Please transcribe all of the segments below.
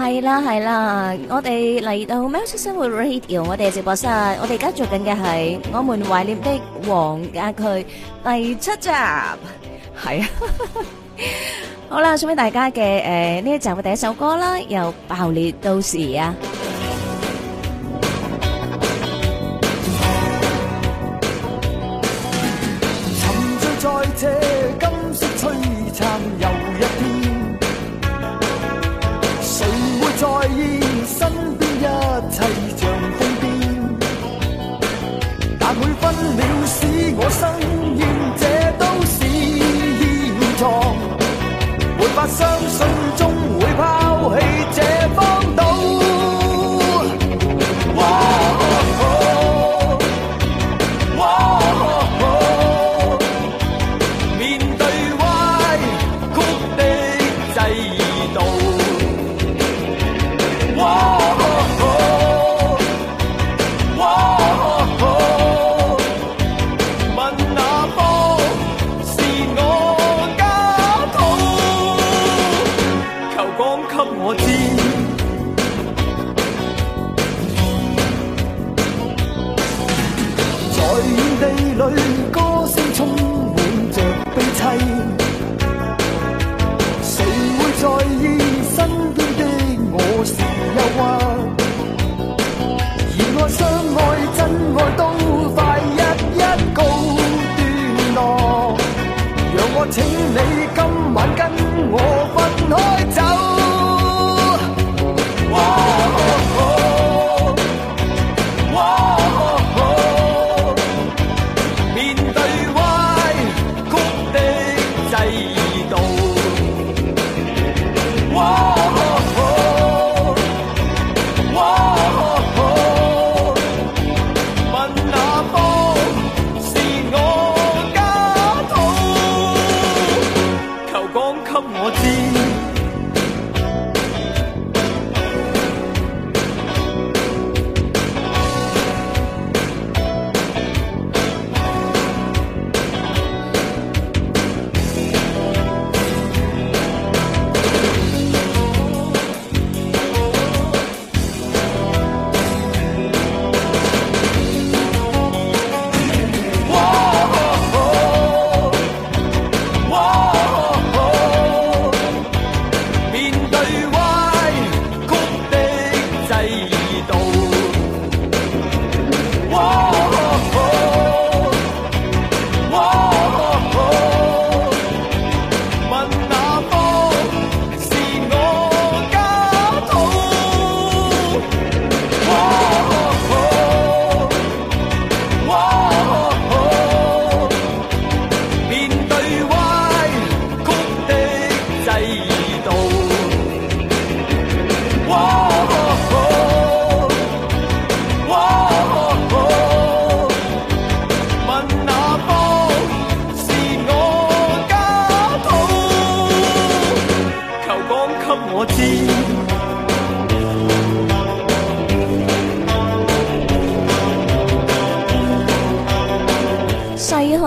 係啦係啦，我哋嚟到《喵式生活 Radio》，我哋直播室，我哋而家做緊嘅係《我們懷念的黃家駒》第七集，係啊，好啦，送俾大家嘅誒呢一集嘅第一首歌啦，又爆裂都市啊！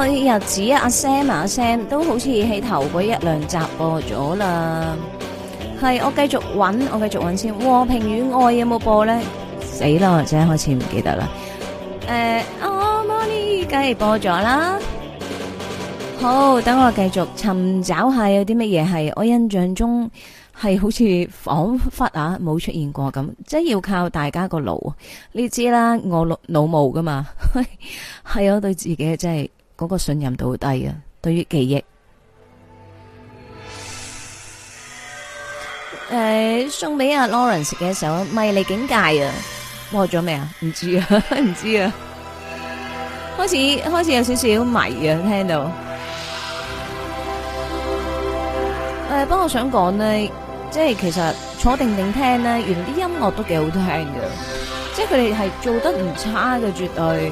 日子啊，阿 Sam 阿、啊、Sam 都好似喺頭嗰一兩集播咗啦。係我繼續搵，我繼續搵先。和平與愛有冇播咧？死啦，或者開始唔記得啦。誒，Amani 梗係播咗啦。好，等我繼續尋找下有啲乜嘢係我印象中係好似仿佛啊冇出現過咁，即係要靠大家個腦。你知啦，我老老毛噶嘛，係 我對自己真係。嗰個信任度好低啊！對於記憶，誒，送俾阿 Lawrence 嘅一首《迷離境界》啊，播咗未啊？唔知啊，唔知啊，開始開始有少少迷啊，聽到。誒，不過我想講咧，即係其實坐定定聽咧，原來啲音樂都幾好聽㗎，即係佢哋係做得唔差嘅，絕對。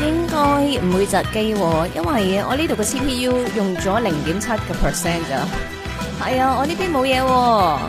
應該唔會窒機、哦，因為我呢度個 CPU 用咗零點七個 percent 咋。係啊、哎，我呢邊冇嘢、哦。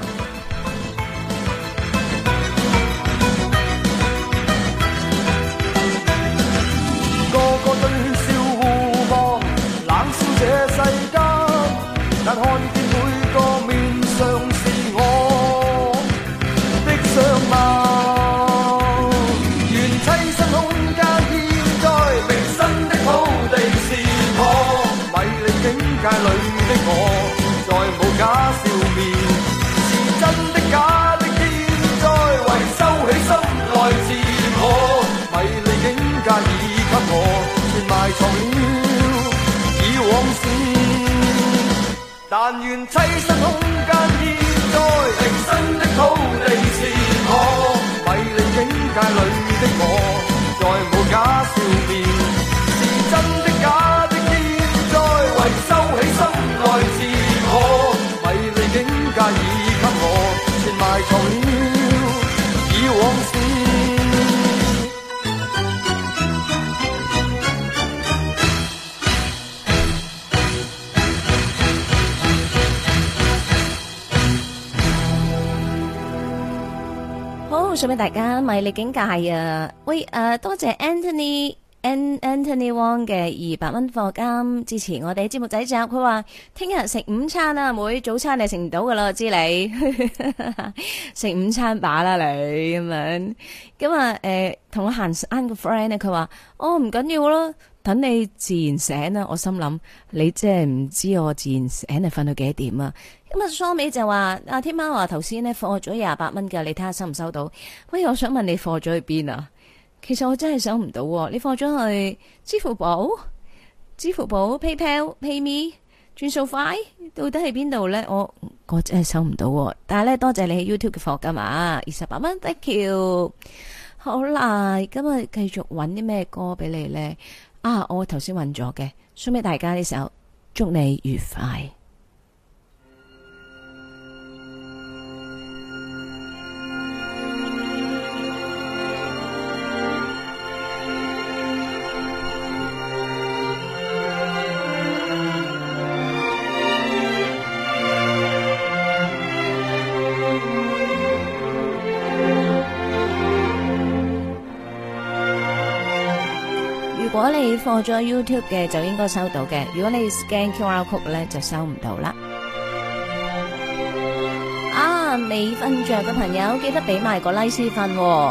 送俾大家美你境界啊！喂，誒、呃，多謝 Anthony, An, Anthony Wong 嘅二百蚊課金支持我哋節目製作，佢話聽日食午餐啊，妹，早餐你食唔到噶啦，我知你食 午餐飽啦，你咁樣。咁啊，誒、呃，同我行啱個 friend 呢，佢話哦唔緊要咯，等你自然醒啦。我心諗你即係唔知我自然醒啊，瞓到幾點啊？咁啊，收尾就話啊，天喵話頭先咧，貨咗廿八蚊嘅，你睇下收唔收到？喂，我想問你貨咗去邊啊？其實我真係收唔到，你貨咗去支付寶、支付寶、PayPal、PayMe、轉數快，到底喺邊度呢？我我真係收唔到，但係呢，多謝你喺 YouTube 嘅貨㗎嘛，二十八蚊，Thank you。好啦，今日繼續揾啲咩歌俾你呢？啊，我頭先揾咗嘅，送俾大家呢首祝你愉快。你放咗 YouTube 嘅就應該收到嘅，如果你 scan QR code 咧就收唔到啦。啊，未瞓着嘅朋友記得俾埋個 like 瞓喎。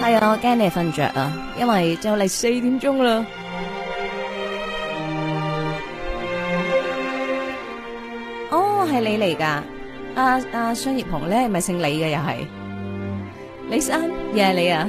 係啊，我驚你瞓着啊，因為就嚟四點鐘啦，嗯。哦，係你嚟噶，啊，阿商業紅咧係咪姓李嘅又係？李生，又係你啊？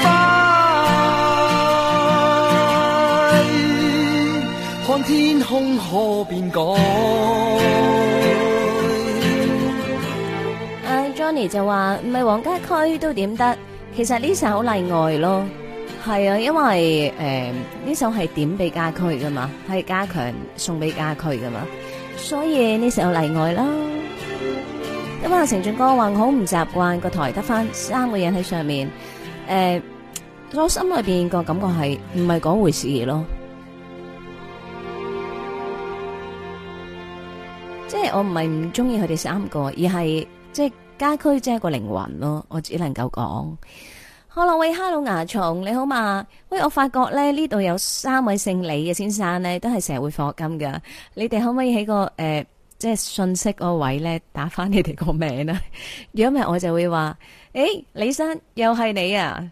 阿 Johnny 就話唔係黃家駒都點得，其實呢首好例外咯，係啊，因為誒呢首係點俾家駒噶嘛，係家強送俾家駒噶嘛，所以呢首例外啦。咁阿成俊哥話好唔習慣個台得翻三個人喺上面，誒，我心裏邊個感覺係唔係嗰回事嘢咯。即係我唔係唔中意佢哋三個，而係即係家駒即係個靈魂咯。我只能夠講，Hello 喂，Hello 牙松，你好嘛？喂，我發覺咧呢度有三位姓李嘅先生咧，都係成日會課金噶。你哋可唔可以喺個誒、呃、即係信息個位咧打翻你哋個名啊？如果唔係我就會話，誒、欸、李生又係你啊！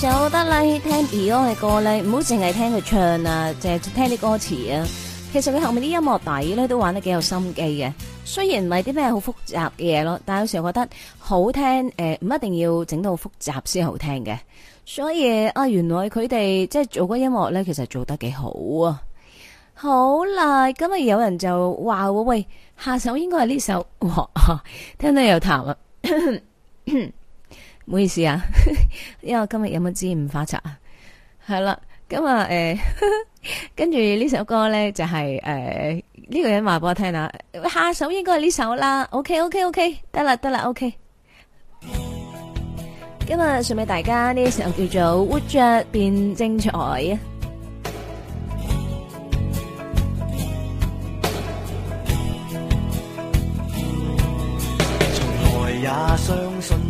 就得啦，聽 Beyond 嘅歌咧，唔好淨係聽佢唱啊，淨係聽啲歌詞啊。其實佢後面啲音樂底咧都玩得幾有心機嘅，雖然唔係啲咩好複雜嘅嘢咯，但係有時候覺得好聽誒，唔、呃、一定要整到複雜先好聽嘅。所以啊，原來佢哋即係做嗰音樂咧，其實做得幾好啊。好啦，今日有人就話喂，下首應該係呢首，聽得有彈啦、啊。 唔好意思啊，因為我今日有乜支五花茶啊，係啦，咁啊，誒，跟住呢首歌咧就係誒呢個人話俾我聽啊，下首應該係呢首啦，OK OK OK，得啦得啦 OK，今日送俾大家呢首叫做活著變精彩啊，從來也相信。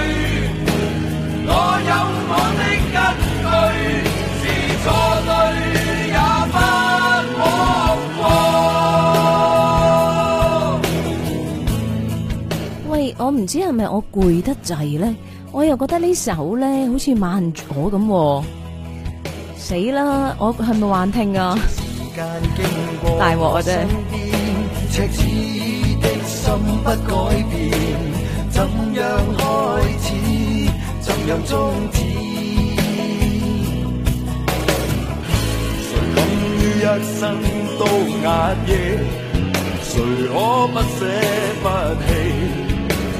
唔知係咪我攰得滯咧，我又覺得呢首咧好似慢咗咁，死啦！我係咪幻聽啊？大鑊啊！啫。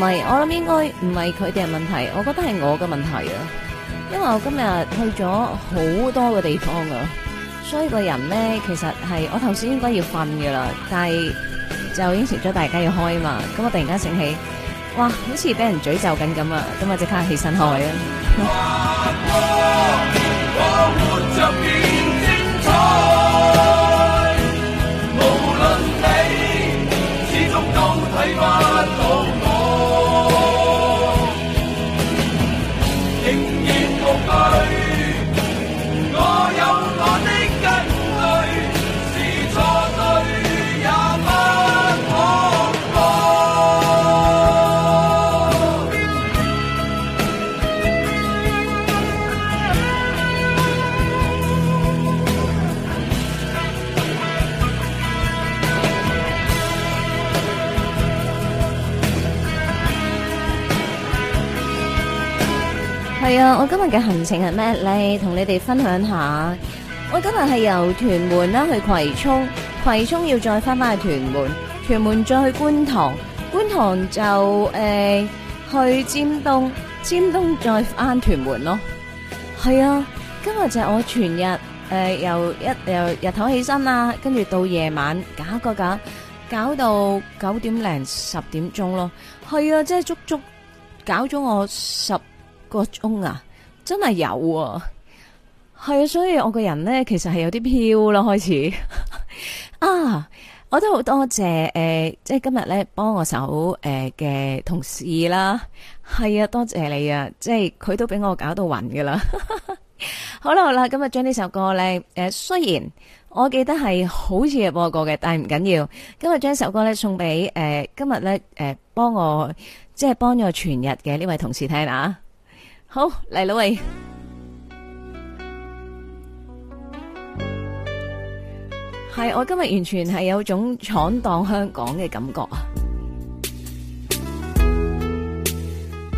唔係，我諗應該唔係佢哋嘅問題，我覺得係我嘅問題啊！因為我今日去咗好多個地方啊，所以個人咧，其實係我頭先應該要瞓噶啦，但係就應承咗大家要開嘛，咁我突然間醒起，哇，好似俾人詛咒緊咁啊！咁我即刻起身開啊！我今日嘅行程係咩咧？同你哋分享下。我今日係由屯門啦去葵涌，葵涌要再翻翻去屯門，屯門再去觀塘，觀塘就誒去尖東，尖東再翻屯門咯。係啊，今日就係我全日誒由一由日頭起身啦，跟住到夜晚搞個搞，搞到九點零十點鐘咯。係啊，即係足足搞咗我十。個鐘啊，真係有、啊，係啊，所以我個人呢，其實係有啲飄咯，開始 啊，我都好多謝誒、呃，即係今日呢，幫我手誒嘅、呃、同事啦，係啊，多謝你啊，即係佢都俾我搞到暈噶 啦，好啦好啦，今日將呢首歌呢，誒、呃，雖然我記得係好似係播過嘅，但係唔緊要，今日將首歌呢，送俾誒、呃、今日呢，誒、呃、幫我即係幫咗全日嘅呢位同事聽啊。好嚟，囉喂，係我今日完全係有種闖蕩香港嘅感覺啊！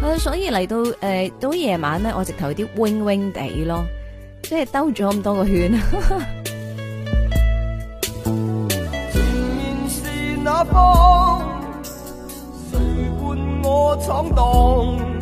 啊，所以嚟到誒到夜晚咧，我直頭有啲 wing wing 地咯，即係兜咗咁多個圈。前面是那方，誰伴我闖蕩。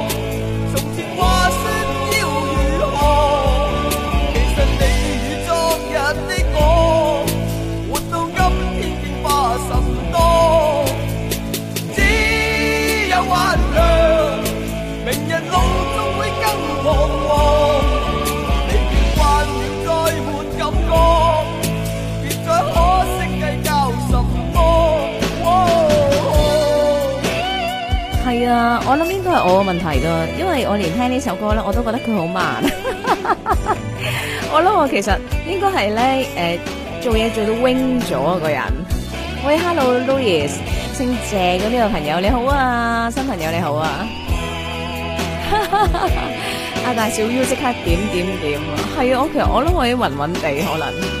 我諗應該係我嘅問題㗎，因為我連聽呢首歌咧，我都覺得佢好慢。 我諗我其實應該係咧，誒、呃，做嘢做到 Wing 咗個人。喂，Hello，Louis，姓謝嘅呢個朋友你好啊，新朋友你好啊。阿、 啊、大少 U 即刻點點點，係啊，我其實我諗我啲暈暈地可能。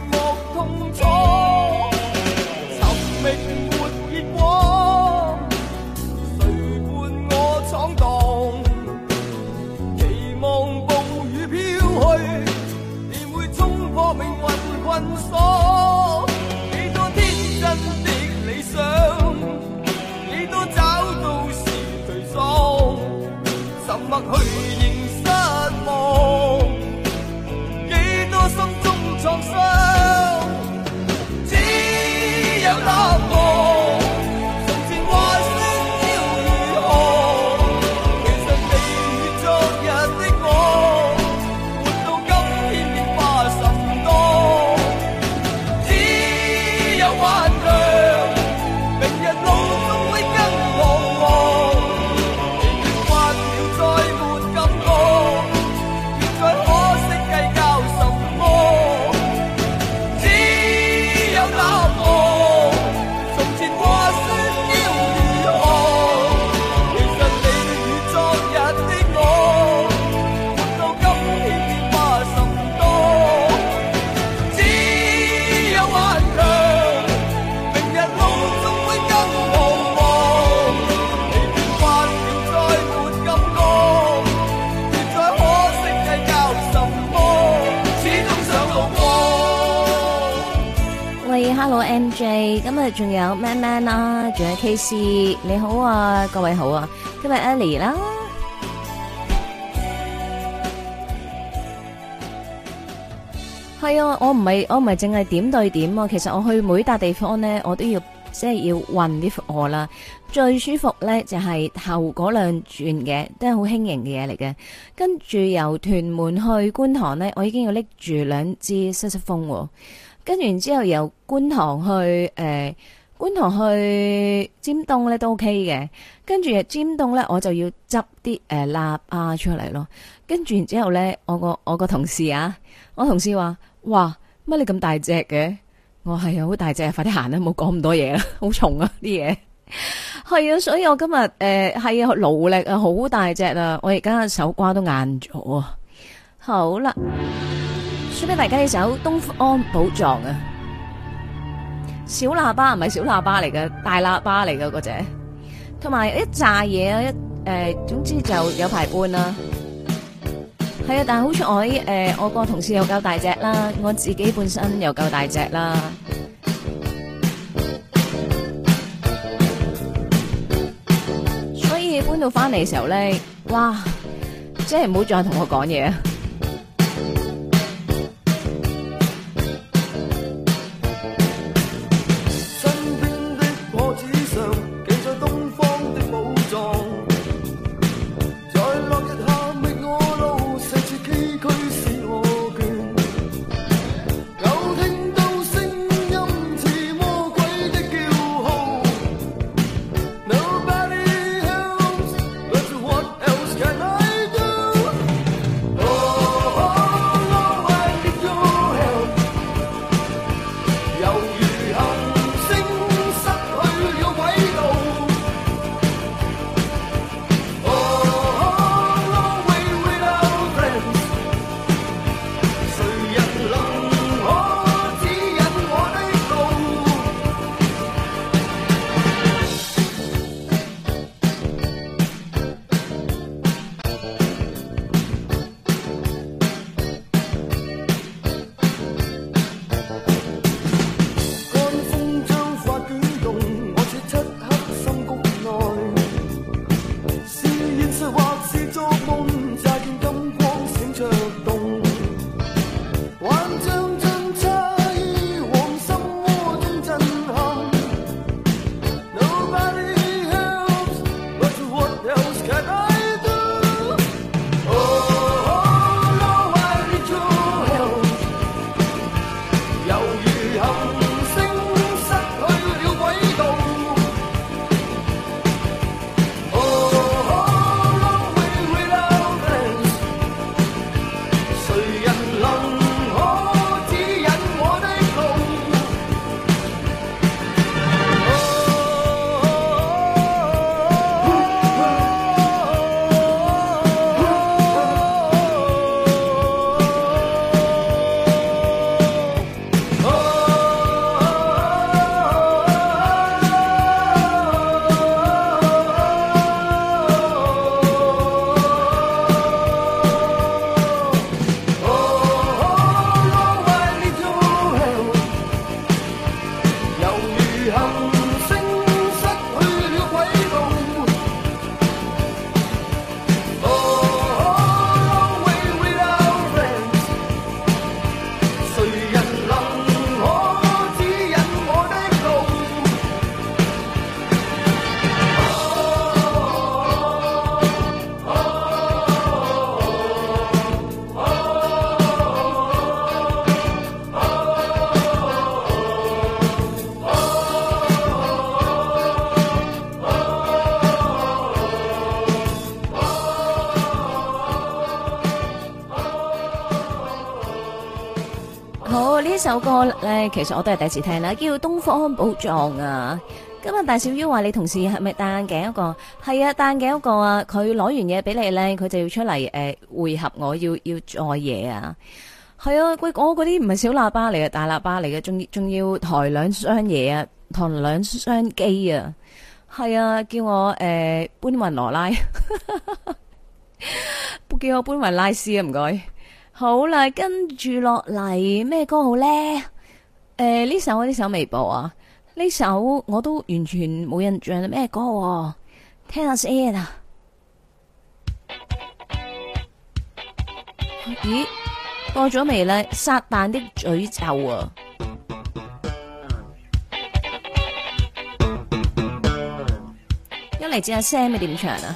咁啊，仲有 Man Man 啦，仲有 KC，你好啊，各位好啊，今日 Ellie 啦，係 啊，我唔係我唔係淨係點對點啊，其實我去每笪地方咧，我都要即係要運啲貨啦，最舒服咧就係後嗰兩轉嘅，都係好輕盈嘅嘢嚟嘅。跟住由屯門去觀塘咧，我已經要拎住兩支濕濕風。跟住然之後由觀塘去誒、呃，觀塘去尖東咧都 OK 嘅。跟住尖東咧，我就要執啲誒喇叭出嚟咯。跟住然之後咧，我個我個同事啊，我同事話：，哇，乜你咁大隻嘅？我係、哎、啊，好大隻，快啲行啦，唔好講咁多嘢啦，好重啊啲嘢。係啊， 所以我今日誒係啊，努力啊，好大隻啊！我而家手瓜都硬咗啊。好啦。出俾大家一首，東安寶藏啊！小喇叭唔係小喇叭嚟嘅，大喇叭嚟嘅嗰隻，同埋一炸嘢一誒、呃，總之就有排搬啦。係啊，但係好我誒，我個同事又夠大隻啦，我自己本身又夠大隻啦，所以搬到翻嚟嘅時候咧，哇！即係唔好再同我講嘢啊！首歌咧，其實我都係第一次聽啦，叫《東方寶藏》啊。今日大小 U 話你同事係咪戴眼鏡一個？係啊，戴眼鏡一個啊。佢攞完嘢俾你咧，佢就要出嚟誒匯合，我要要做嘢啊。係啊，我我嗰啲唔係小喇叭嚟嘅，大喇叭嚟嘅，仲要仲要抬兩箱嘢啊，抬兩箱機啊。係啊，叫我誒、呃、搬運羅拉， 叫我搬運拉斯啊，唔該。好啦，跟住落嚟咩歌好咧？誒、呃，呢首呢首微博啊，呢首我都完全冇印象啦，咩歌、啊？聽下聲啊！咦，過咗未咧？撒旦的詛咒啊！一嚟接下聲，阿 Sam 你點唱啊？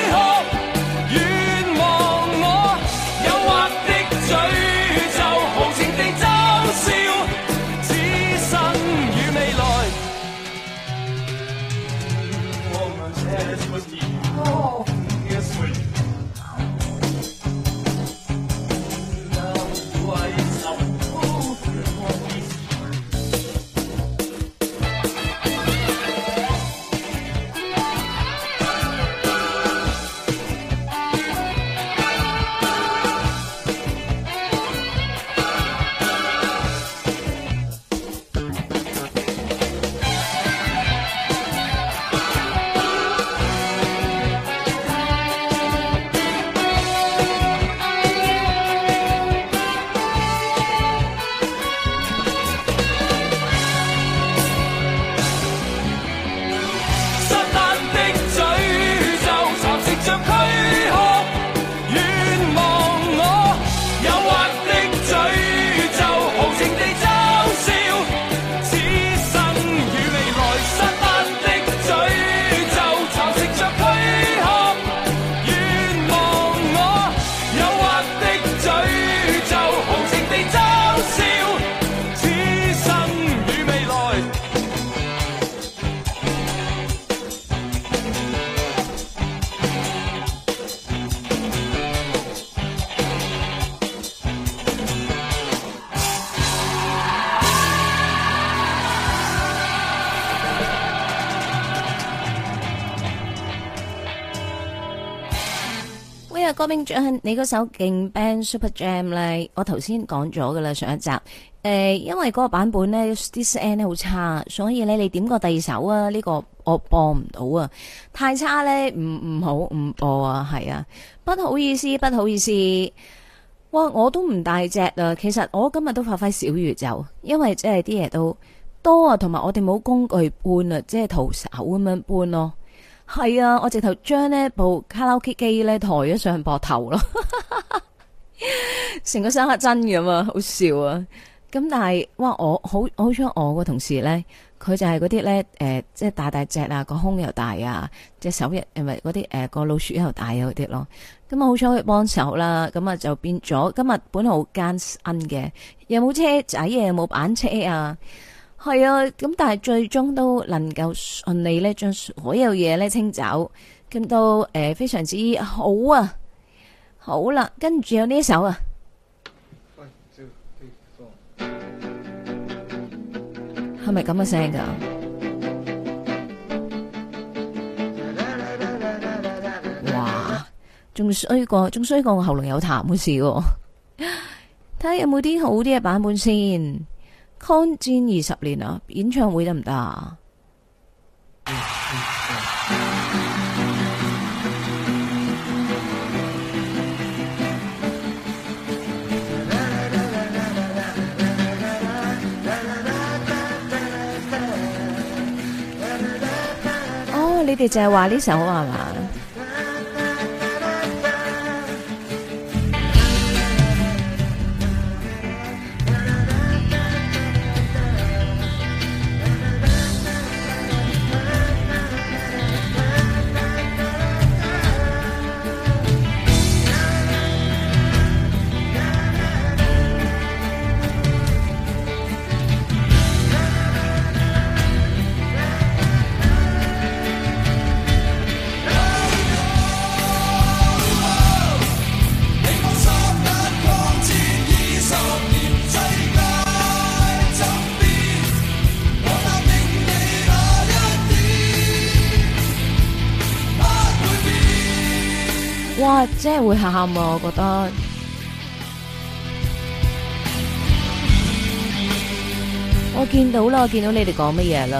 羅你嗰首勁 band Super Jam 咧，我頭先講咗噶啦，上一集。誒，因為嗰個版本咧，啲聲咧好差，所以咧你，你點個第二首啊？呢個我播唔到啊，太差咧，唔唔好唔播啊，係啊，不好意思，不好意思。哇，我都唔大隻啊，其實我今日都發揮小宇宙，因為即係啲嘢都多啊，同埋我哋冇工具搬啊，即係徒手咁樣搬咯。係啊，我直頭將呢部卡拉 OK 機咧抬咗上膊頭咯，成個聲吓真㗎嘛，好笑啊！咁但係哇，我好好彩，我個同事咧，佢就係嗰啲咧，誒、呃，即、就、係、是、大大隻啊，個胸又大啊，隻手又，誒咪嗰啲誒個老鼠又大啊嗰啲咯。咁啊好彩去幫手啦，咁啊就變咗今日本好奸恩嘅，有冇車仔嘢，有冇板車啊？係啊，咁但係最終都能夠順利咧，將所有嘢咧清走，咁都誒非常之好啊！好啦，跟住有呢一首啊，係咪咁嘅聲噶？哇，仲衰過，仲衰過，我喉嚨有痰嘅事，睇 下有冇啲好啲嘅版本先。抗戰二十年啊，演唱會得唔得啊？哦，你哋就係話呢首係嘛？ oh, 哇！真係會喊啊，我覺得、啊。我見到啦，我見到你哋講乜嘢啦。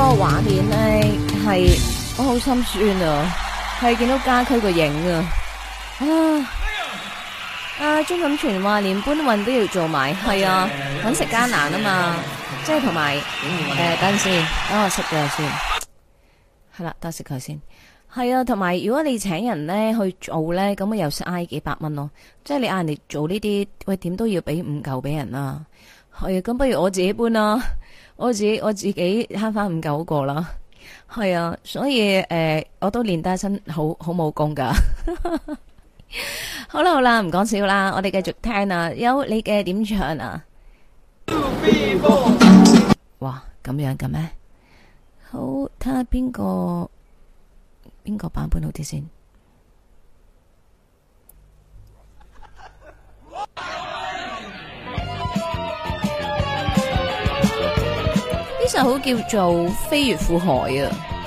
嗰個畫面咧係我好心酸啊，係見到家駒個影啊！啊啊，鍾錦泉話連搬運都要做埋，係啊，揾食艱難啊嘛，即係同埋誒，嗯嗯、等陣先，等我食咗先。係啦、嗯，等下我食佢先。係啊，同埋如果你請人咧去做咧，咁啊又是嗌幾百蚊咯。即係你嗌人哋做呢啲，喂，點都要俾五舊俾人啊。係啊，咁不如我自己搬啦。我自己我自己慳翻五九個啦，係 啊，所以誒、呃，我都練得一身好好武功噶。好啦好啦，唔講笑啦，我哋繼續聽啊，有你嘅點唱啊。哇 Two people.，咁樣咁咩？好，睇下邊個邊個版本好啲先。就好叫做飛越腐海啊！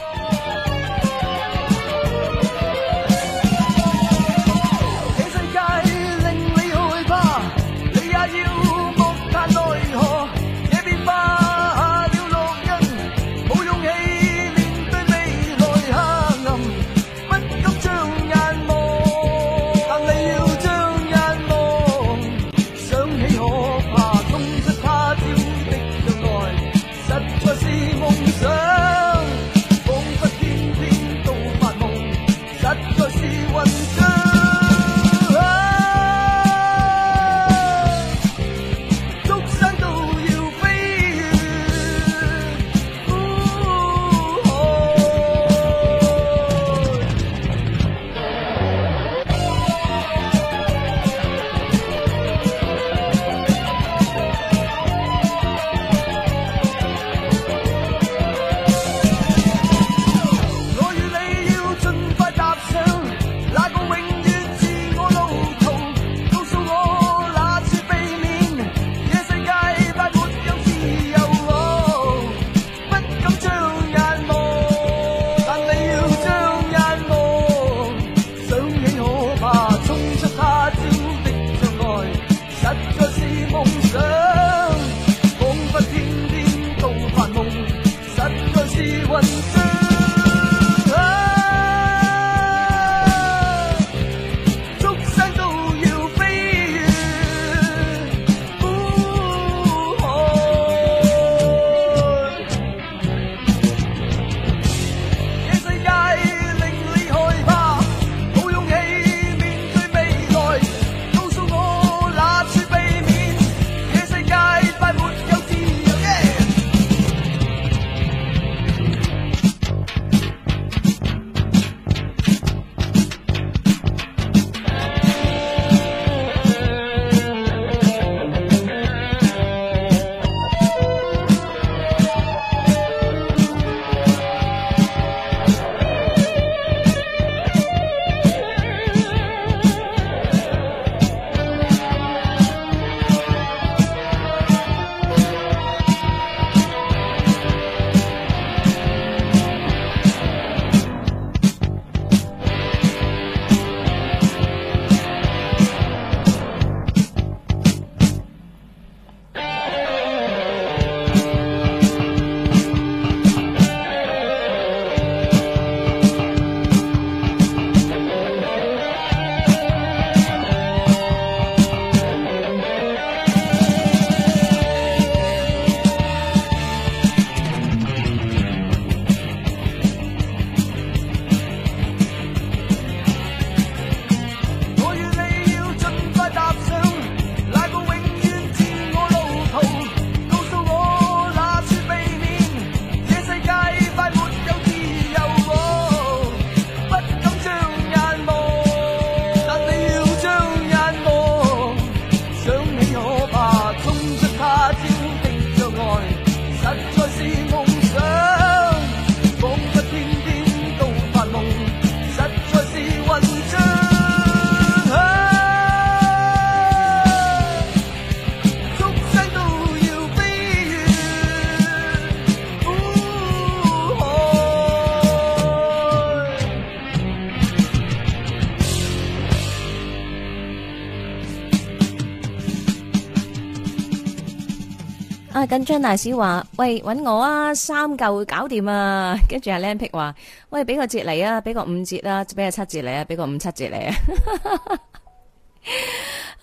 張大使話：喂，搵我啊，三舊搞掂啊！跟住阿 Lampic 話：喂，俾個折嚟啊，俾個五折啦，俾個七折嚟啊，俾個五七折嚟啊！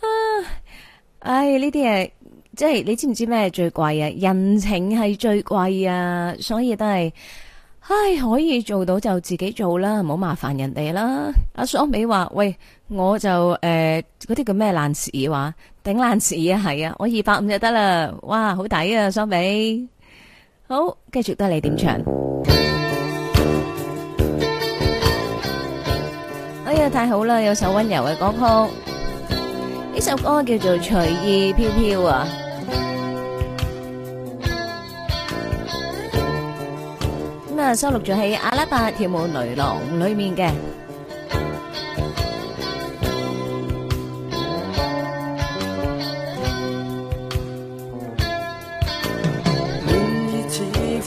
啊， 唉，呢啲嘢即係你知唔知咩最貴啊？人情係最貴啊！所以都係，唉，可以做到就自己做啦，唔好麻煩人哋啦。阿雙美話：喂，我就誒，嗰、呃、啲叫咩爛事話？整爛市啊，係啊，我二百五就得啦，哇，好抵啊，相比好，繼續都係你點唱，哎呀，太好啦，有首溫柔嘅歌曲，呢首歌叫做隨意飄飄啊，咁啊收錄咗喺阿拉伯跳舞女郎裏面嘅。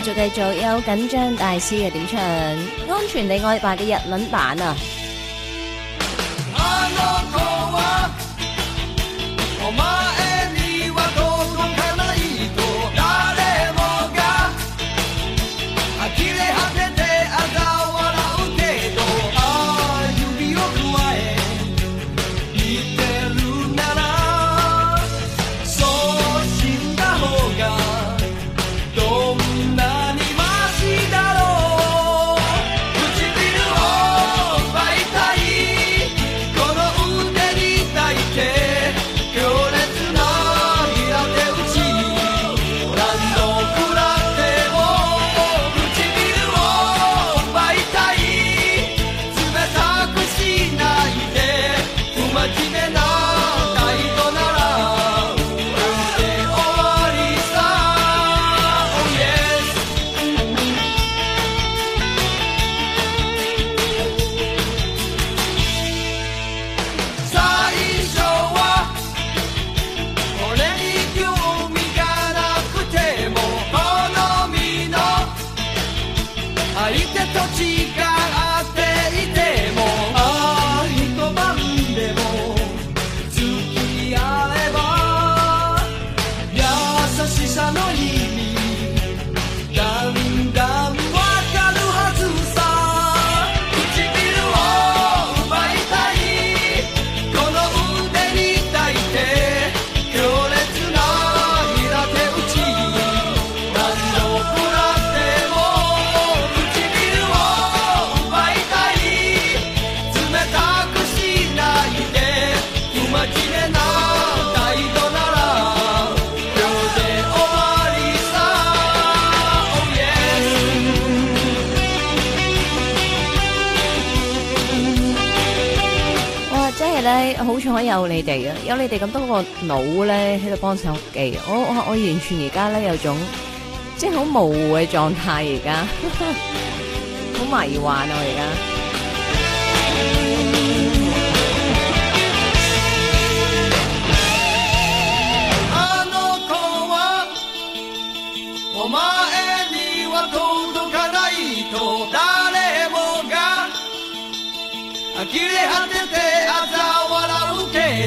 繼續繼續，有緊張大師嘅點唱《安全地愛吧》嘅日文版啊！有你哋咁多個腦咧，喺度幫手記，我我我完全而家咧有一種即係好模糊嘅狀態，而家好迷幻啊！我而家。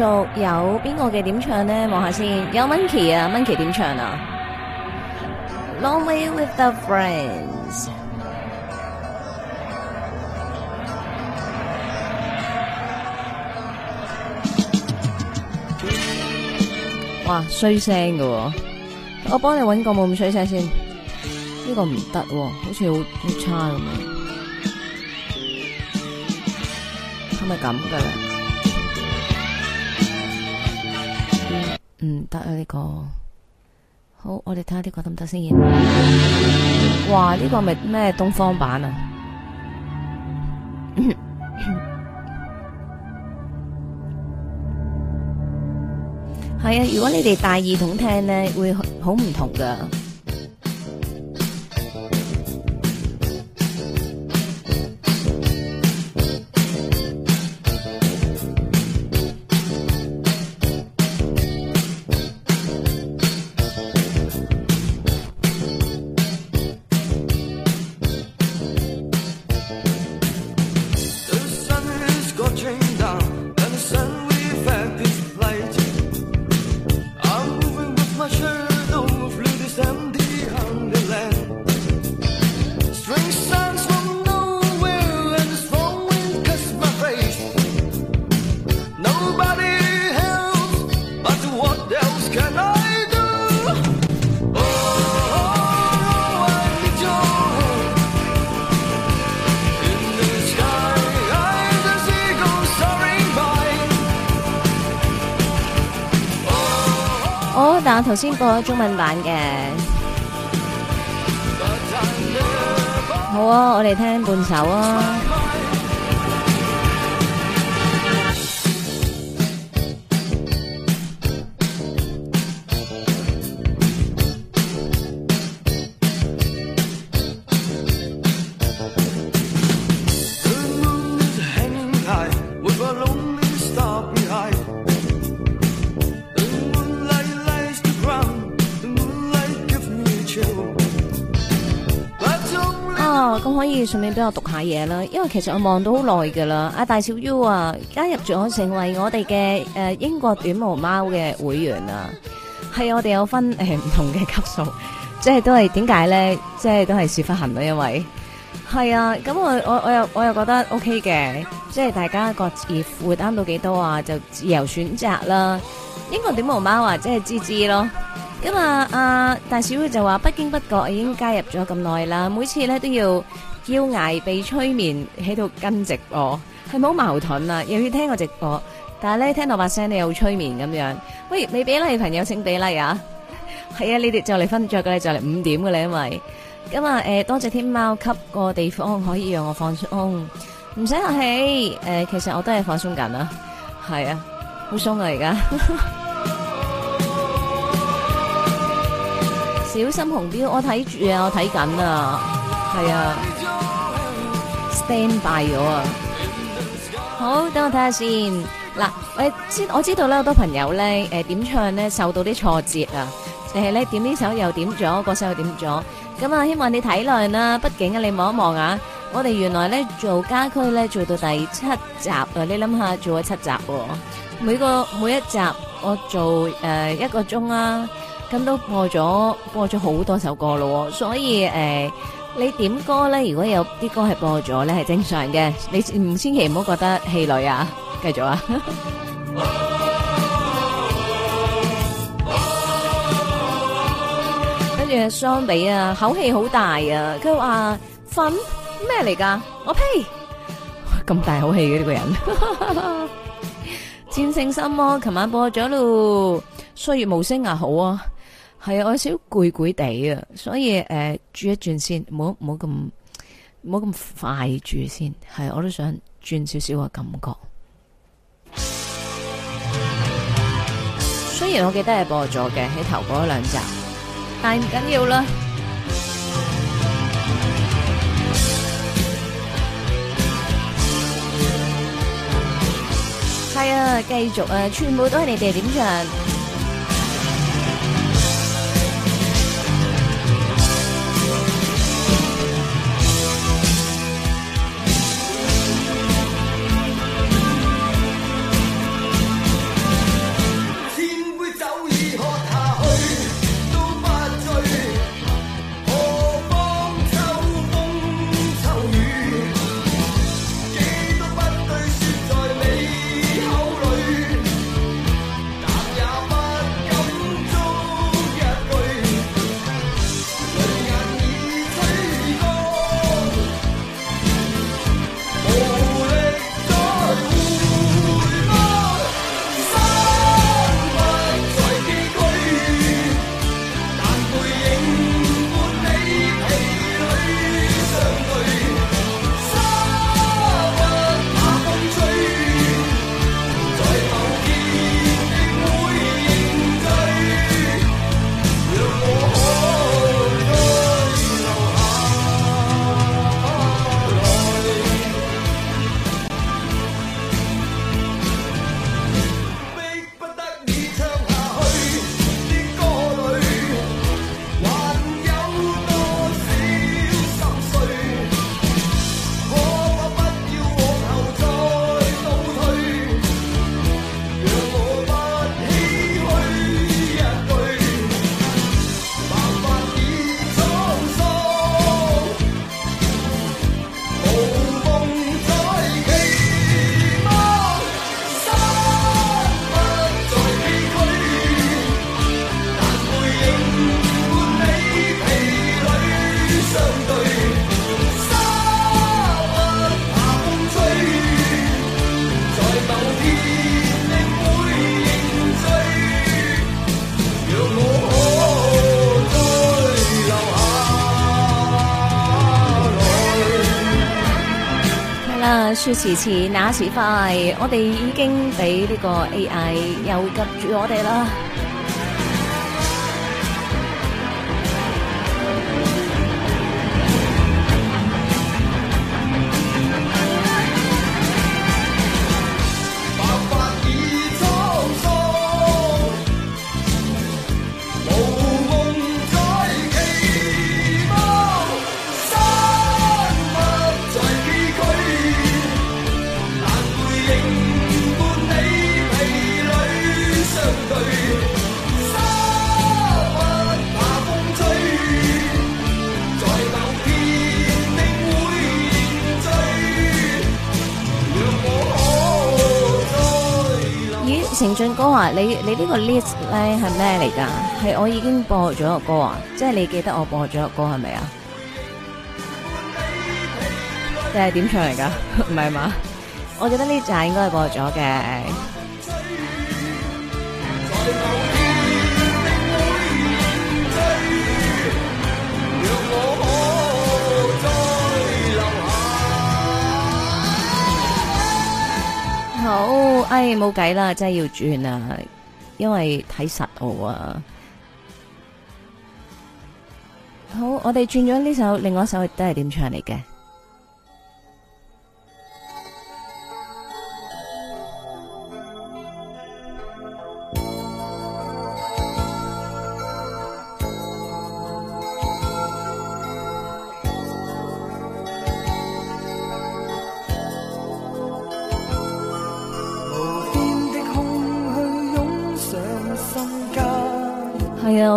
有邊個嘅點唱呢？望下先。有 Monkey 啊，Monkey 點唱啊？Long way with the friends。哇，衰聲嘅，我幫你搵個冇咁衰聲先。呢個唔得，好似好好差咁。係咪咁嘅啦。得啊呢、這個，好，我哋睇下呢個得唔得先。哇，呢、這個咪咩東方版啊？係 啊，如果你哋戴耳筒聽咧，會好唔同噶。頭先播中文版嘅，好啊，我哋聽半首啊。順便俾我讀下嘢啦，因為其實我望到好耐噶啦。阿大小 U 啊，加入咗我成為我哋嘅誒英國短毛貓嘅會員啊，係我哋有分誒唔、呃、同嘅級數，即係都係點解咧？即係都係屎忽痕啦，因為係啊。咁我我我，我又我又覺得 O K 嘅，即係大家各自負擔到幾多少啊，就自由選擇啦。英國短毛貓啊，即係滋滋咯。咁啊啊，大小 U 就話不經不覺已經加入咗咁耐啦，每次咧都要。要捱被催眠喺度跟直播，係咪好矛盾啊？又要聽我直播，但係咧聽到把聲，你又催眠咁樣。喂，你俾啦，朋友請俾啦呀！係 啊，你哋就嚟瞓着嘅，啦，就嚟五點噶啦，因為咁啊。誒、呃，多謝天貓，畀個地方可以讓我放鬆，唔使客氣。誒、呃，其實我都係放鬆緊啊，係啊，好鬆啊而家。 小心紅標，我睇住啊，我睇緊啊，係啊。Stand by 咗啊！好，等我睇下先。嗱，喂，知我知道咧，好多朋友咧，誒、呃，點唱咧，受到啲挫折啊！定係咧點呢首又點咗，嗰首又點咗。咁啊，希望你體諒啦、啊。畢竟啊，你望一望啊，我哋原來咧做家駒咧做到第七集啊！你諗下，做咗七集，每個每一集我做誒、呃、一個鐘啦、啊。咁都播咗播咗好多首歌咯。所以誒。呃你點歌咧？如果有啲歌係播咗咧，係正常嘅。你唔千祈唔好覺得氣餒啊！繼續啊！跟住相比啊，口氣好大啊！佢話分咩嚟噶？我呸！咁大口氣嘅呢個人！戰勝心魔，琴晚播咗咯，歲月無聲啊，好啊！係啊，我有少攰攰地啊，所以誒，轉、呃、一轉先，唔好咁唔好咁快轉先。係，我都想轉少少嘅感覺。雖然我記得係播咗嘅，喺頭嗰兩集，但係唔緊要啦。係啊，繼續啊，全部都係你哋點唱。說時遲，那時快，我哋已經俾呢個 AI 又及住我哋啦。你你呢個 list 咧係咩嚟噶？係我已經播咗個歌啊！即係你記得我播咗個歌係咪啊？你係點唱嚟噶？唔係嘛？我記得呢隻應該係播咗嘅。好，哎，冇計啦，真係要轉啊，因為睇實號啊。好，我哋轉咗呢首，另外一首亦都係點唱嚟嘅。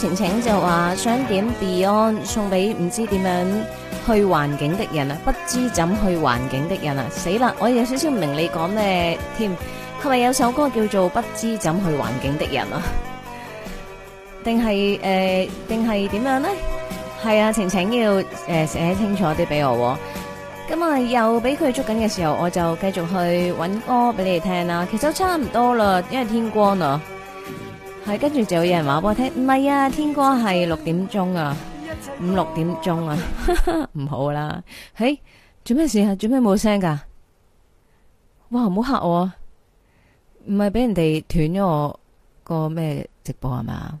晴晴就話想點 Beyond 送俾，唔知點樣去環境的人啊，不知怎去環境的人啊，死啦！我有少少唔明你講咩添，係咪有首歌叫做《不知怎去環境的人》啊？定係誒？定係點樣咧？係啊，晴晴要誒寫、呃、清楚啲俾我。咁、嗯、啊，又俾佢捉緊嘅時候，我就繼續去揾歌俾你哋聽啦。其實都差唔多啦，因為天光啊。係，跟住就有人話俾我聽，唔係啊，天哥係六點鐘啊，五六點鐘啊，唔好啦。嘿，做咩事啊？做咩冇聲噶？哇，唔好吓我啊，唔係俾人哋斷咗我個咩直播係嘛？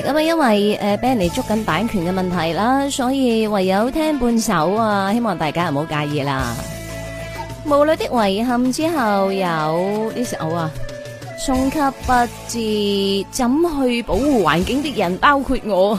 咁啊，因為誒俾人哋捉緊版權嘅問題啦，所以唯有聽半首啊，希望大家唔好介意啦。無奈的遺憾之後有呢首啊，送給不知怎去保護環境的人，包括我。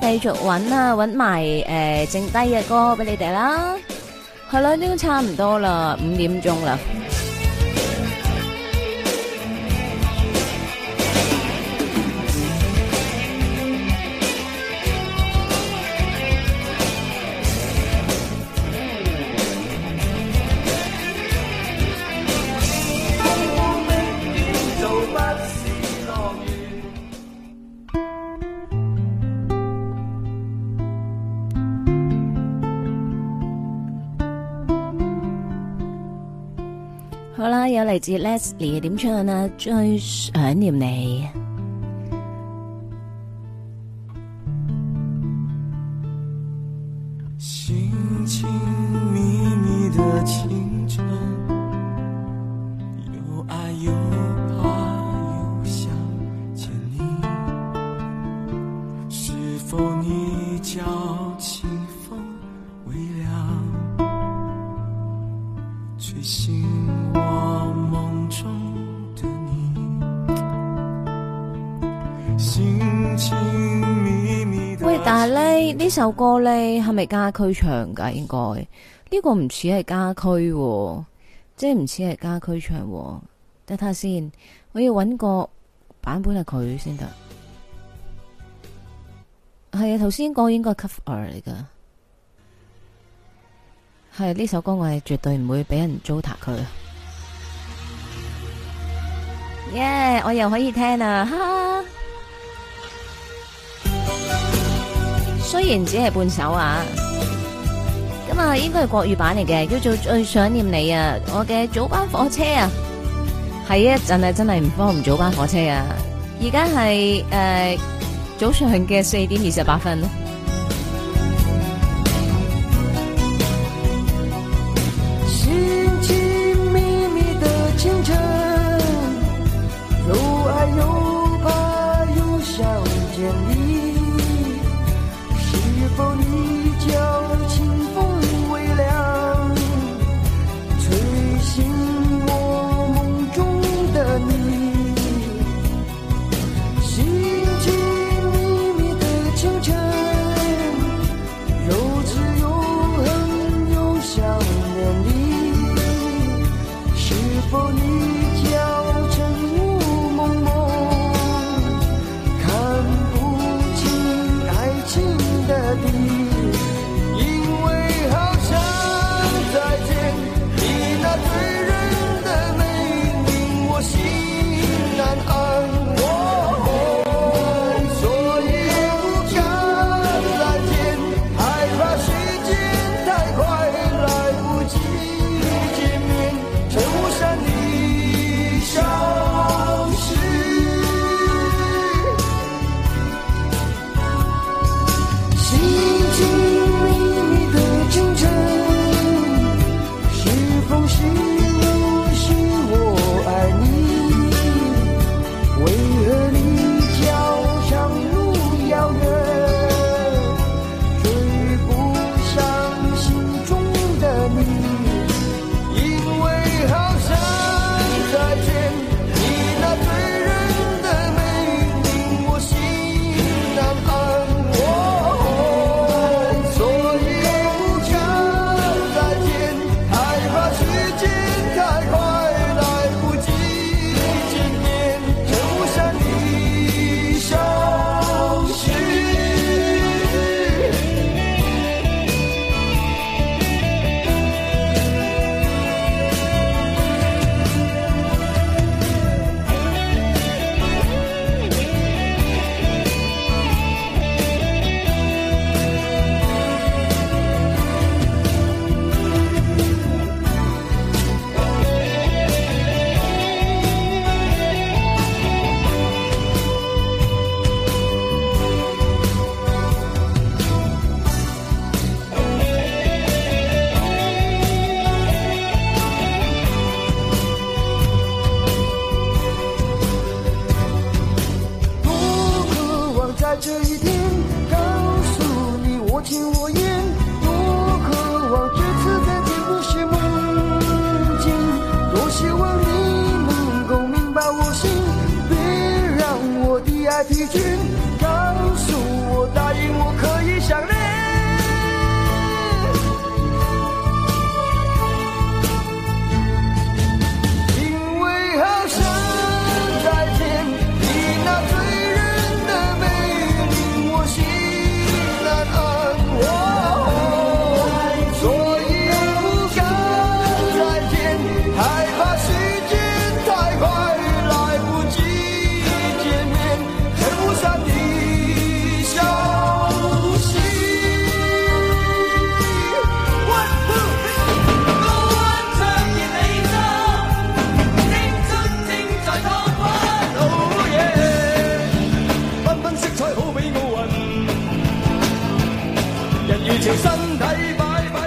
繼續揾啊，揾埋誒剩低嘅歌俾你哋啦，係啦，呢個差唔多啦，五點鐘啦。嚟自 Leslie 點唱啊！最想念你。這首歌呢，係咪家駒唱噶？應該呢、這個唔似係家駒，哦，即係唔似係家駒唱，哦。等睇下先，我要揾個版本係佢先得。係啊，頭先嗰個應該 cover 嚟噶。係呢首歌我係絕對唔會俾人糟蹋佢。啊。耶！我又可以聽啊，哈，哈！雖然只係半首啊，咁啊應該係國語版嚟嘅，叫做《最想念你》啊，我嘅早班火車啊，係一陣啊，真係唔慌唔早班火車啊，而家係誒早上嘅四點二十八分。千千米米的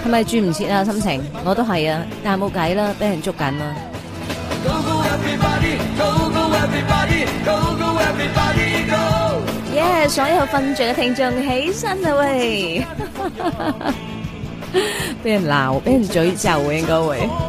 咪轉唔切啊，心情我都係啊，但係冇計啦，俾人捉緊啦。耶，所有瞓著嘅聽眾起身啦喂，俾人鬧，俾人嘴咒，應該會。.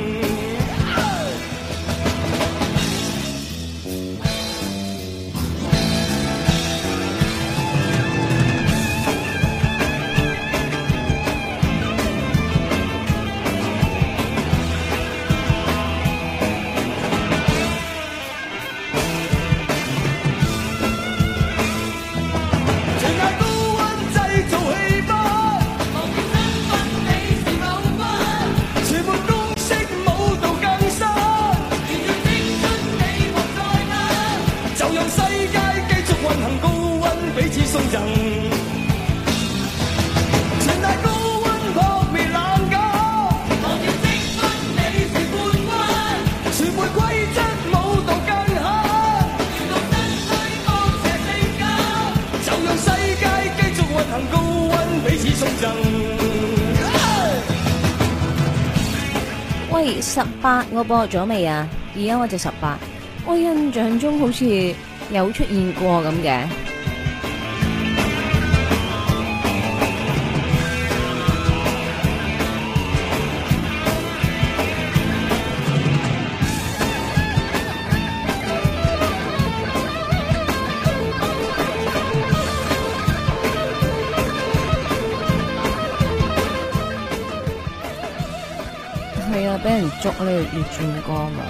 喂，十八，我播咗未啊？而家我就十八，我印象中好似有出現過咁嘅。捉呢啲轉歌嘛，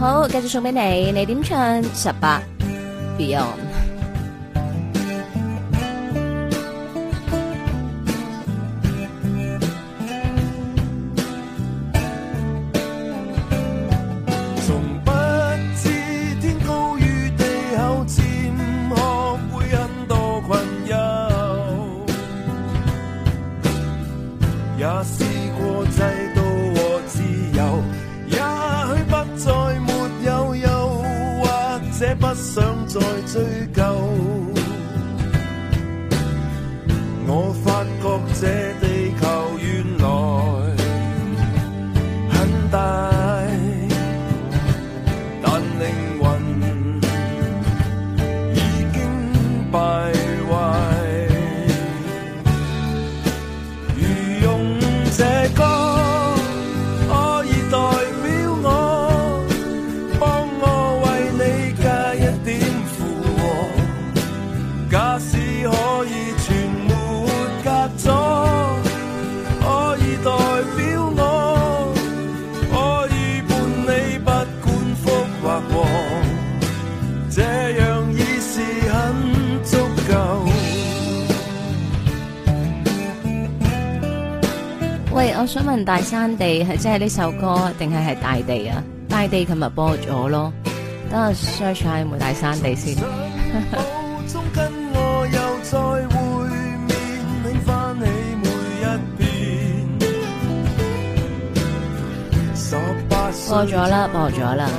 好，繼續送俾你，你點唱？十八 Beyond。大山地係即係呢首歌定係係大地啊？大地琴日播咗咯，等我 search 下有冇大山地先。 播咗啦，播咗啦。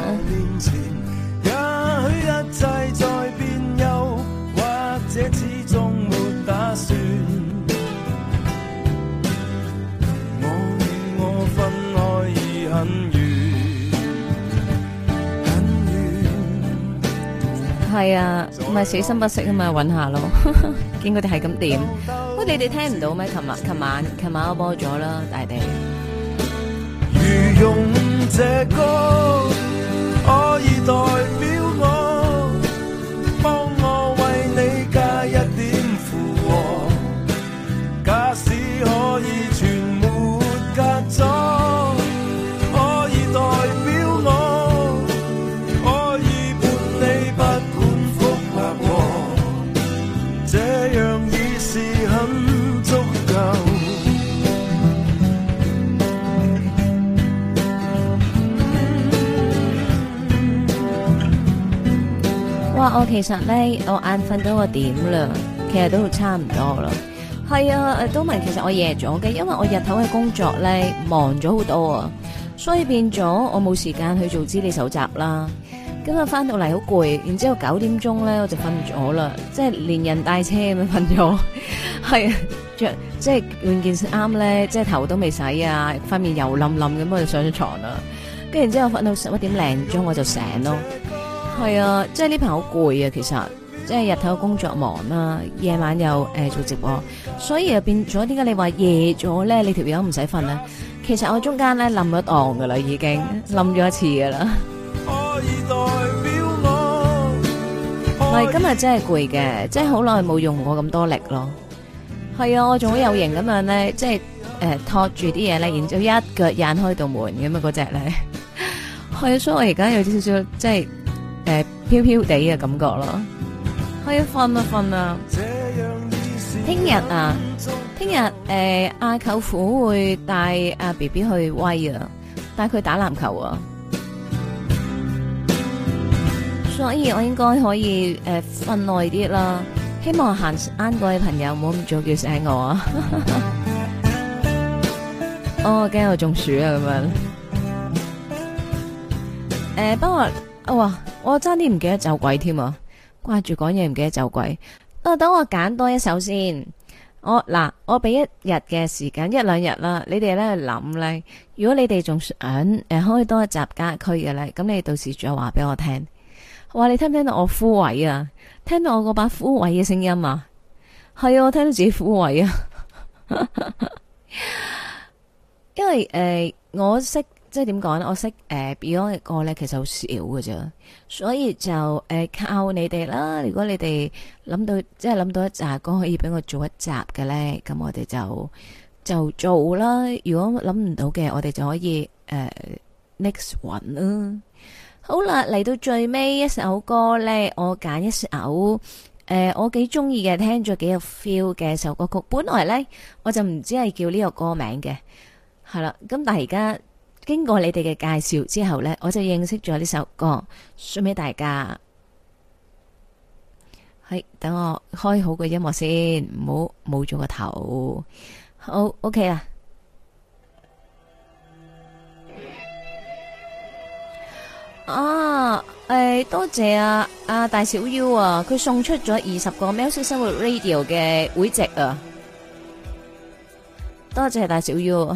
係啊，唔係死心不息啊嘛，搵下咯，見佢哋係咁點，喂你哋聽唔到咩？琴晚、琴晚、琴晚我播咗啦，大地。我其實咧，我眼瞓到個點啦，其實都差唔多啦。係啊，誒，都文，其實我夜咗嘅，因為我日頭嘅工作咧忙咗好多啊，所以變咗我冇時間去做資料搜集啦。今日翻到嚟好攰，然之後九點鐘咧我就瞓咗啦，即係連人帶車咁樣瞓咗。係啊，着即係換件衫咧，即係頭都未洗啊，塊面油冧冧咁我就上咗床啦。跟住然之後瞓到十一點零鐘我就醒咯。係啊，即係呢排好攰啊，其實即係日頭工作忙啦，夜晚又誒、呃、做直播，所以又變咗。點解你話夜咗咧？你條友唔使瞓咧？其實我中間咧冧咗檔噶啦，已經冧咗一次噶啦。唔係 今日真係攰嘅，即係好耐冇用過咁多力咯。係啊，我仲好有型咁樣咧，即係誒、呃、托住啲嘢咧，然之後一腳踹開道門咁、那個、 啊，嗰隻咧。係啊，所以我而家有少少即係。誒，飄飄地嘅感覺咯，可以瞓啊瞓啊，聽日啊，聽日誒，阿、啊、舅父會帶阿 B B 去威啊，帶佢打籃球啊，所以我應該可以誒瞓耐啲啦，希望行晏嘅朋友唔好咁早叫醒我啊，我 驚、哦、我中暑啊咁樣，誒、呃，不過。哇！我差啲唔記得走鬼添啊，掛住講嘢唔記得走鬼。啊，等我揀多一首先。我嗱，我俾一日嘅時間，一兩日啦。你哋咧諗咧，如果你哋仲想誒、呃、開多一集家駒嘅咧，咁你到時再話俾我聽。哇！你聽唔聽到我枯萎啊？聽到我嗰把枯萎嘅聲音啊？係啊，我聽到自己枯萎啊！ 因為誒、呃，我識。即係點講呢？我識誒、呃、Beyond 嘅歌呢，其實好少嘅啫，所以就誒、呃、靠你哋啦。如果你哋諗到即係諗到一扎歌可以俾我做一集嘅呢那們，咁我哋就就做啦。如果諗唔到嘅，我哋就可以誒、呃、next one 啦好了。好啦，嚟到最尾一首歌呢，我首、呃，我揀一首誒我幾中意嘅，聽咗幾有 feel 嘅首歌曲。本來呢，我就唔知係叫呢個歌名嘅，係啦。咁但係而家。經過你哋嘅介紹之後呢，我就認識咗呢首歌，送俾大家。係，等我開好個音樂先，唔好冇咗個頭。好，OK 啦。啊，誒，多謝啊，啊，大小腰啊，佢送出咗二十個《喵式生活 Radio》嘅會籍啊，多謝大小腰。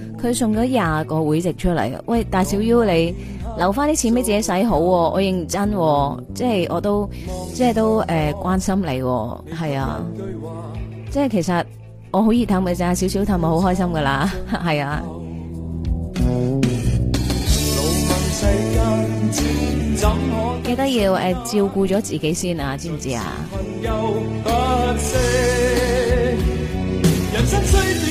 佢送咗廿個會籍出嚟，喂，大小 U 你留翻啲錢俾自己使好，我認真喎，即係我都即都即係都誒關心你，係啊，即係其實我好熱氹嘅，小小就少少氹我好開心噶啦，係啊，記得要誒、呃、照顧咗自己先啊，知唔知啊？人生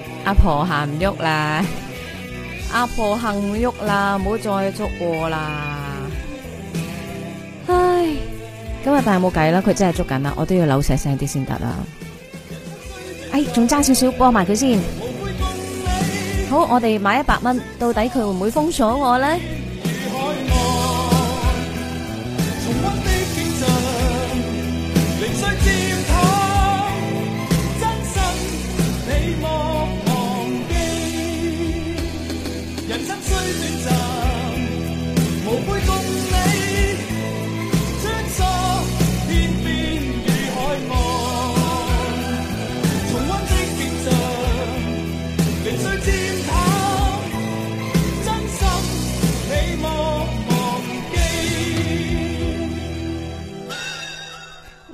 阿婆行唔喐啦，阿婆行唔喐啦，唔好再捉我啦！唉，今日但係冇計啦，佢真係捉緊啦，我都要扭細聲啲先得啦。哎，仲爭少少幫埋佢先，好，我哋買一百蚊，到底佢會唔會封鎖我咧？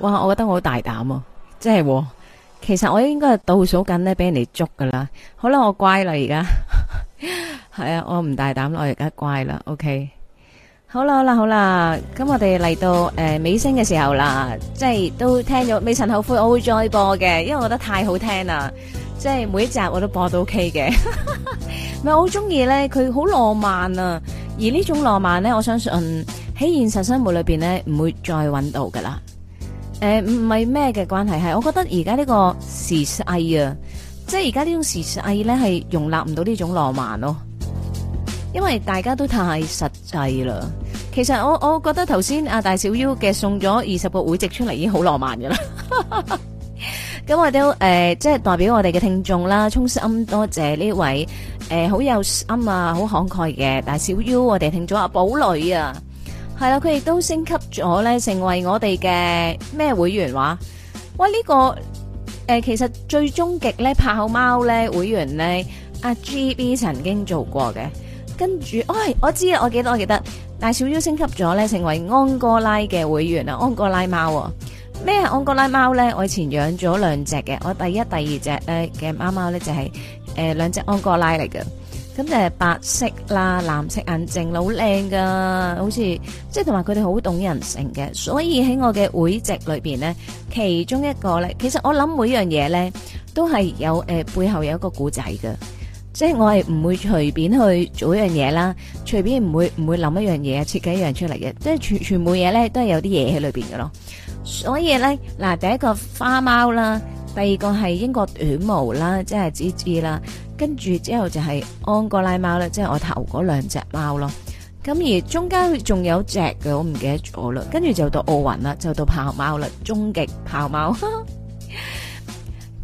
哇！我覺得我好大膽啊，即係其實我應該係倒數緊咧，俾人哋捉噶啦。好啦，我乖啦，而家係啊，我唔大膽咯，我而家乖啦。OK，好啦，好啦，好啦，咁、嗯、我哋嚟到誒、呃、尾聲嘅時候啦，即係都聽咗《未曾後悔》，我會再播嘅，因為我覺得太好聽啦。即係每一集我都播到 OK 嘅，咪 我好中意咧，佢好浪漫啊。而呢種浪漫咧，我相信喺現實生活裏邊咧唔會再搵到噶啦。誒，唔係咩嘅關係，係我覺得而家呢個時勢啊，即係而家呢種時勢咧，係容納唔到呢種浪漫咯，因為大家都太實際啦。其實我我覺得頭先阿大小 U 嘅送咗二十個會籍出嚟已經好浪漫噶啦。 咁我都誒，即係代表我哋嘅聽眾啦，衷心多謝呢位誒好、呃、有心啊，好慷慨嘅大小 U 我哋聽咗阿寶女啊。係啦，佢亦都升級咗咧，成為我哋嘅咩會員話？喂，呢、這個誒、呃，其實最終極咧，豹貓咧會員咧，阿、啊、G B 曾經做過嘅。跟住，哎，我知啦，我記得，我記得。但小妖升級咗咧，成為安哥拉嘅會員啊。安哥拉貓、哦。咩安哥拉貓咧？我以前養咗兩隻嘅，我第一、第二隻咧嘅貓貓咧就係誒兩隻安哥拉嚟嘅。咁誒，就白色啦，藍色眼睛，好靚噶，好似即係同埋佢哋好懂人性嘅，所以喺我嘅會籍裏邊咧，其中一個咧，其實我諗每樣嘢咧，都係有誒、呃、背後有一個故仔嘅，即係我係唔會隨便去做一樣嘢啦，隨便唔會唔會諗一樣嘢，設計一樣出嚟嘅，即係全全部嘢咧都係有啲嘢喺裏邊嘅咯，所以咧嗱，第一個花貓啦，第二個係英國短毛啦，即係芝芝啦。跟住之後就係安哥拉貓啦，即係我頭嗰兩隻貓咯。咁而中間佢仲有隻嘅，我唔記得咗啦。跟住就到奧運啦，就到豹貓啦，終極豹貓。咁、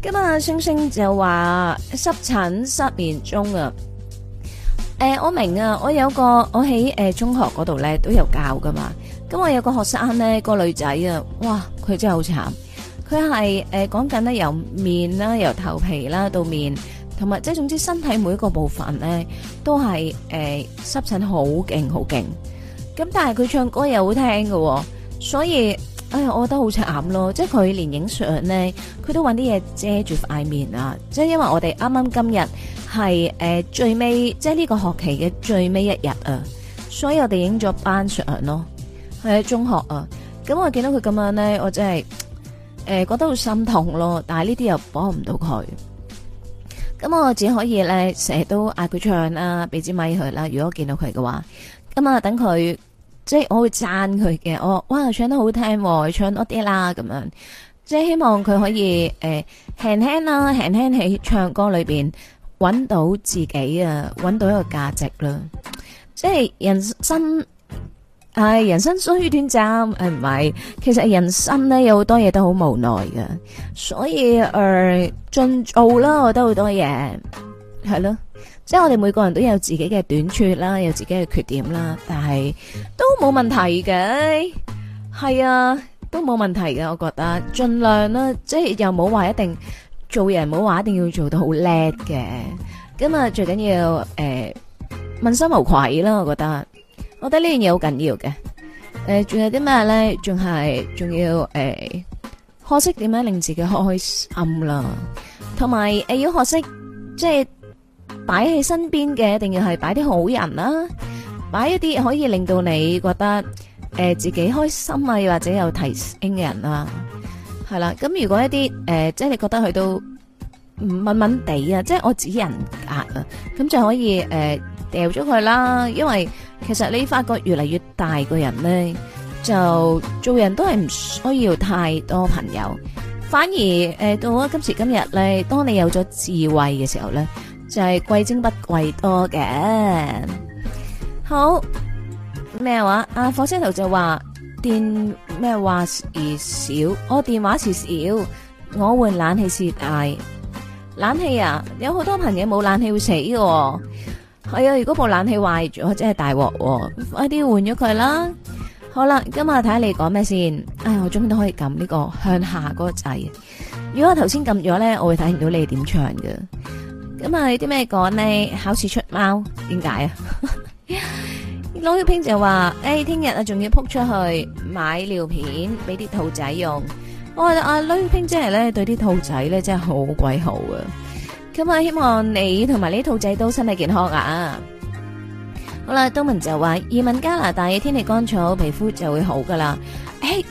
嗯、啊，星星就話濕疹失眠中啊。誒，我明啊，我有個我喺誒中學嗰度咧都有教噶嘛。咁、嗯、我有個學生咧，個女仔啊，哇，佢真係好慘。佢係誒講緊咧由面啦，由頭皮啦到面。同埋即係總之身體每一個部分咧，都係誒濕疹好勁好勁。咁但係佢唱歌又好聽嘅、哦，所以哎呀，我覺得好慘咯。即係佢連影相咧，佢都揾啲嘢遮住塊面啊。即係因為我哋啱啱今日係誒最尾，即係呢個學期嘅最尾一日啊，所以我哋影咗班相咯，喺、呃、中學啊。咁我見到佢咁樣咧，我真係誒覺得好心痛咯。但係呢啲又幫唔到佢。咁我只可以咧，成日都嗌佢唱啦、啊，俾支咪佢啦。如果我見到佢嘅話，咁啊等佢，即係我會讚佢嘅。我哇，唱得好聽、啊，你唱多啲啦咁樣。即係希望佢可以誒，輕輕啦，輕輕喺唱歌裏邊揾到自己啊，揾到一個價值啦。即係人生。係、哎、人生雖短暫，係、哎、其實人生咧有好多嘢都好無奈嘅，所以誒盡、呃、做啦，我覺得好多嘢係咯。即係、就是、我哋每個人都有自己嘅短處啦，有自己嘅缺點啦，但係都冇問題嘅。係啊，都冇問題嘅，我覺得盡量啦。即係又冇話一定做人，冇話一定要做到好叻嘅。咁啊最緊要誒問心無愧啦，我覺得。我覺得呢樣嘢好緊要嘅，誒，仲有啲咩咧？仲係仲要誒，學識點樣令自己開心啦，同埋誒要學識即係擺喺身邊嘅，一定要係擺啲好人啦，擺一啲可以令到你覺得誒自己開心啊，又或者有提升嘅人啦，係啦。咁如果一啲誒，即係你覺得佢都悶悶地啊，即係我指人啊，咁就可以誒。掉咗佢啦，因為其實你發覺越嚟越大呢，個人咧就做人都係唔需要太多朋友，反而誒到咗今時今日咧，當你有咗智慧嘅時候咧，就係、是、貴精不貴多嘅。好咩話？啊，火車頭就話電咩話而少，我、哦、電話是少，我換冷氣是大冷氣啊。有好多朋友冇冷氣會死噶、哦。係啊、哎！如果部冷氣壞咗，真係大鑊，快啲換咗佢啦！好啦，今日睇下你講咩先。唉、哎，我終於都可以撳呢個向下嗰個掣。如果我頭先撳咗咧，我會睇唔到你點唱噶。咁啊，啲咩講咧？考試出貓，點解啊？老玉平就話：誒、哎，聽日啊，仲要撲出去買尿片俾啲兔仔用。我阿老玉平真係咧，對啲兔仔咧，真係好鬼好啊。」咁啊！希望你同埋呢兔仔都身體健康啊好！好啦，東文就話移民加拿大嘅天氣乾燥，皮膚就會好噶啦。誒，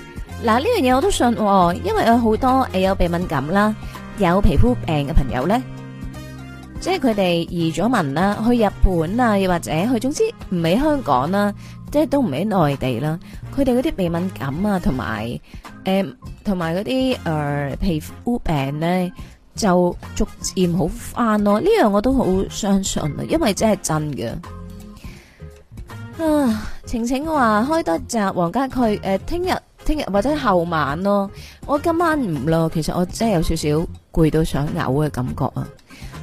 嗱，呢樣嘢我都信喎，因為有好多誒有鼻敏感啦，有皮膚病嘅朋友咧，即係佢哋移咗民啦，去日本啊，又或者去，總之唔喺香港啦，即係都唔喺內地啦，佢哋嗰啲鼻敏感啊，同埋誒，同埋嗰啲誒皮膚病咧。就逐漸好翻咯，呢、這、樣、個、我都好相信啊，因為真係真嘅啊。晴晴話開多一集，黃家駒，誒、呃，聽日聽日或者後晚咯。我今晚唔咯，其實我真係有少少攰到想嘔嘅感覺啊。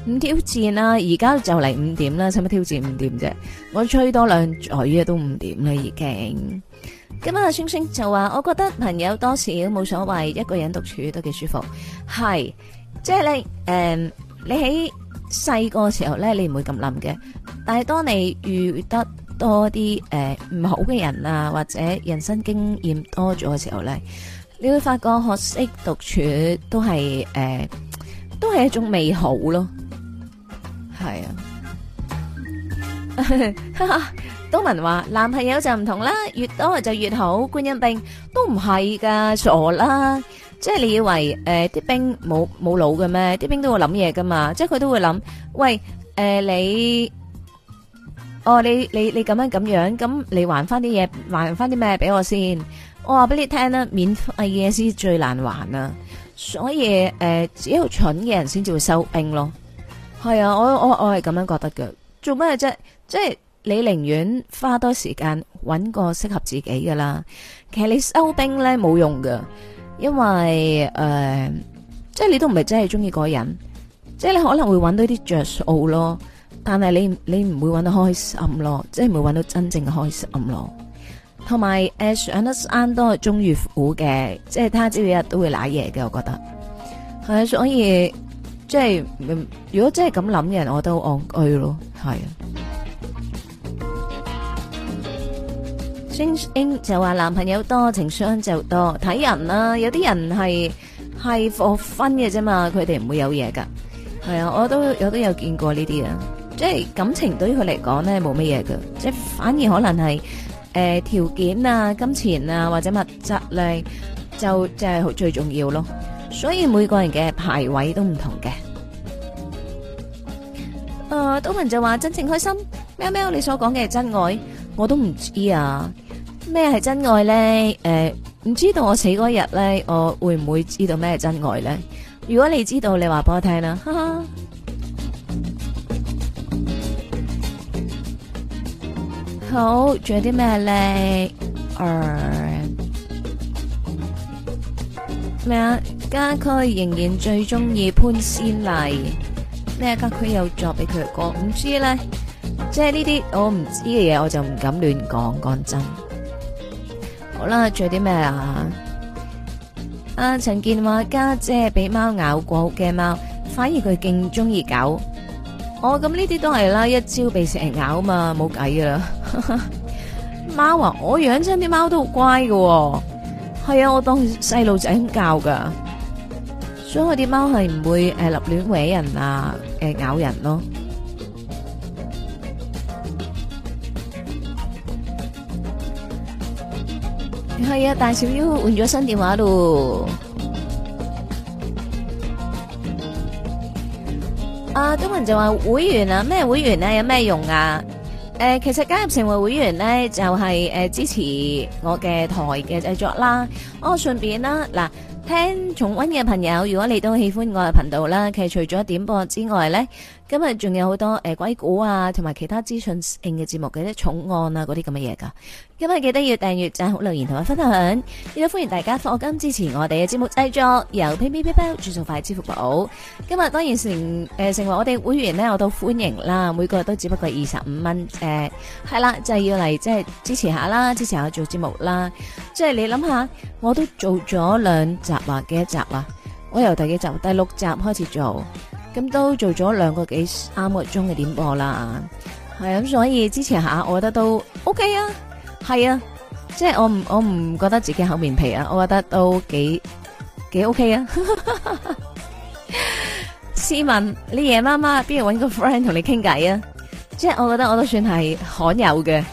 唔挑戰啦，而家就嚟五點啦，使乜挑戰五點啫？我吹多兩嘴嘢都五點啦，已經。咁阿星星就話，我覺得朋友多少冇所謂，一個人獨處都幾舒服，係。即係你誒，你喺細個嘅時候咧，你唔會咁諗嘅。但係當你遇得多啲誒唔好嘅人啊，或者人生經驗多咗嘅時候咧，你會發覺學識獨處都係誒，都係一種美好咯。係啊。東文話：男朋友就唔同啦，越多就越好。觀音兵都唔係㗎，傻啦。即係你以為誒啲、呃、兵冇冇腦嘅咩？啲兵都會諗嘢噶嘛，即係佢都會諗。喂，誒、呃、你，哦你你你咁樣咁樣，咁你還翻啲嘢，還翻啲咩俾我先？我話俾你聽啦，免費嘢先最難還啦，所以誒、呃、只有蠢嘅人先至會收兵咯。係啊，我我我係咁樣覺得㗎。做咩啫？即係你寧願花多時間搵個適合自己噶啦。其實你收兵咧冇用噶。因為誒、呃，即係你都唔係真係中意嗰個人，即係你可能會揾到一啲着數咯，但係你你唔會揾到開心咯，即係唔會揾到真正嘅開心咯。同埋誒，上得山都係終遇虎嘅，即係他朝一日都會瀨嘢嘅，我覺得係，所以即係如果真係咁諗嘅人，我都好戇居咯，係啊。精英就話男朋友多，情商就多睇人啦。有啲人係係過分嘅啫嘛，佢哋唔會有嘢噶。係啊，我都我都有見過呢啲啊。即係感情對於佢嚟講咧，冇乜嘢噶。即係反而可能係誒條件啊、金錢啊或者物質咧，就即係好最重要咯。所以每個人嘅排位都唔同嘅。誒，東文就話真情開心，喵喵你所講嘅真愛。我都唔知啊，咩係真愛咧？誒、呃，唔知道我死嗰日咧，我會唔會知道咩係真愛咧？如果你知道，你話俾我聽啦哈哈。好，仲有啲咩咧？誒、呃，咩啊？家駒仍然最中意潘先麗。咩家駒又作俾佢過，唔知咧。即係呢啲我唔知嘅嘢，我就唔敢亂講。講真，好啦，仲有啲咩啊？阿、啊、陳健話家姐俾貓咬過嘅貓，反而佢勁中意狗。我咁呢啲都係啦，一朝被蛇咬嘛，冇計噶啦。貓啊，我養親啲貓都好乖噶、哦，係啊，我當細路仔咁教噶，所以我啲貓係唔會誒立亂搲人啊，誒、呃、咬人咯。係啊，大小妖換咗新電話咯。阿東文就話會員啊，咩會員咧，有咩用啊？誒、呃，其實加入成為會員咧，就係、是、誒、呃、支持我嘅台嘅製作啦。我、哦、順便啦，嗱，聽重溫嘅朋友，如果你都喜歡我嘅頻道啦，其實除咗點播之外咧。今日仲有好多誒、鬼故啊，同埋其他資訊性嘅節目嘅啲重案啊，嗰啲咁嘅嘢㗎。今日記得要訂閱、讚好留言同埋分享，亦都歡迎大家課金支持我哋嘅節目製作。由 P P P P 轉數快支付寶。今日當然成誒、成為我哋會員咧，我都歡迎啦。每個月都只不過二十五蚊誒，係啦，就要嚟即係支持下啦，支持我做節目啦。即係你諗下，我都做咗兩集或嘅幾集啦。我由第幾集？第六集開始做，咁都做咗兩個幾三個鐘嘅點播啦。係咁，所以之前下，我覺得都 OK 啊，係啊，即係我唔我唔覺得自己厚面皮啊，我覺得都幾幾 OK 啊。 試問，你夜媽媽邊度搵個 friend 同你傾偈啊？即係我覺得我都算係罕有嘅，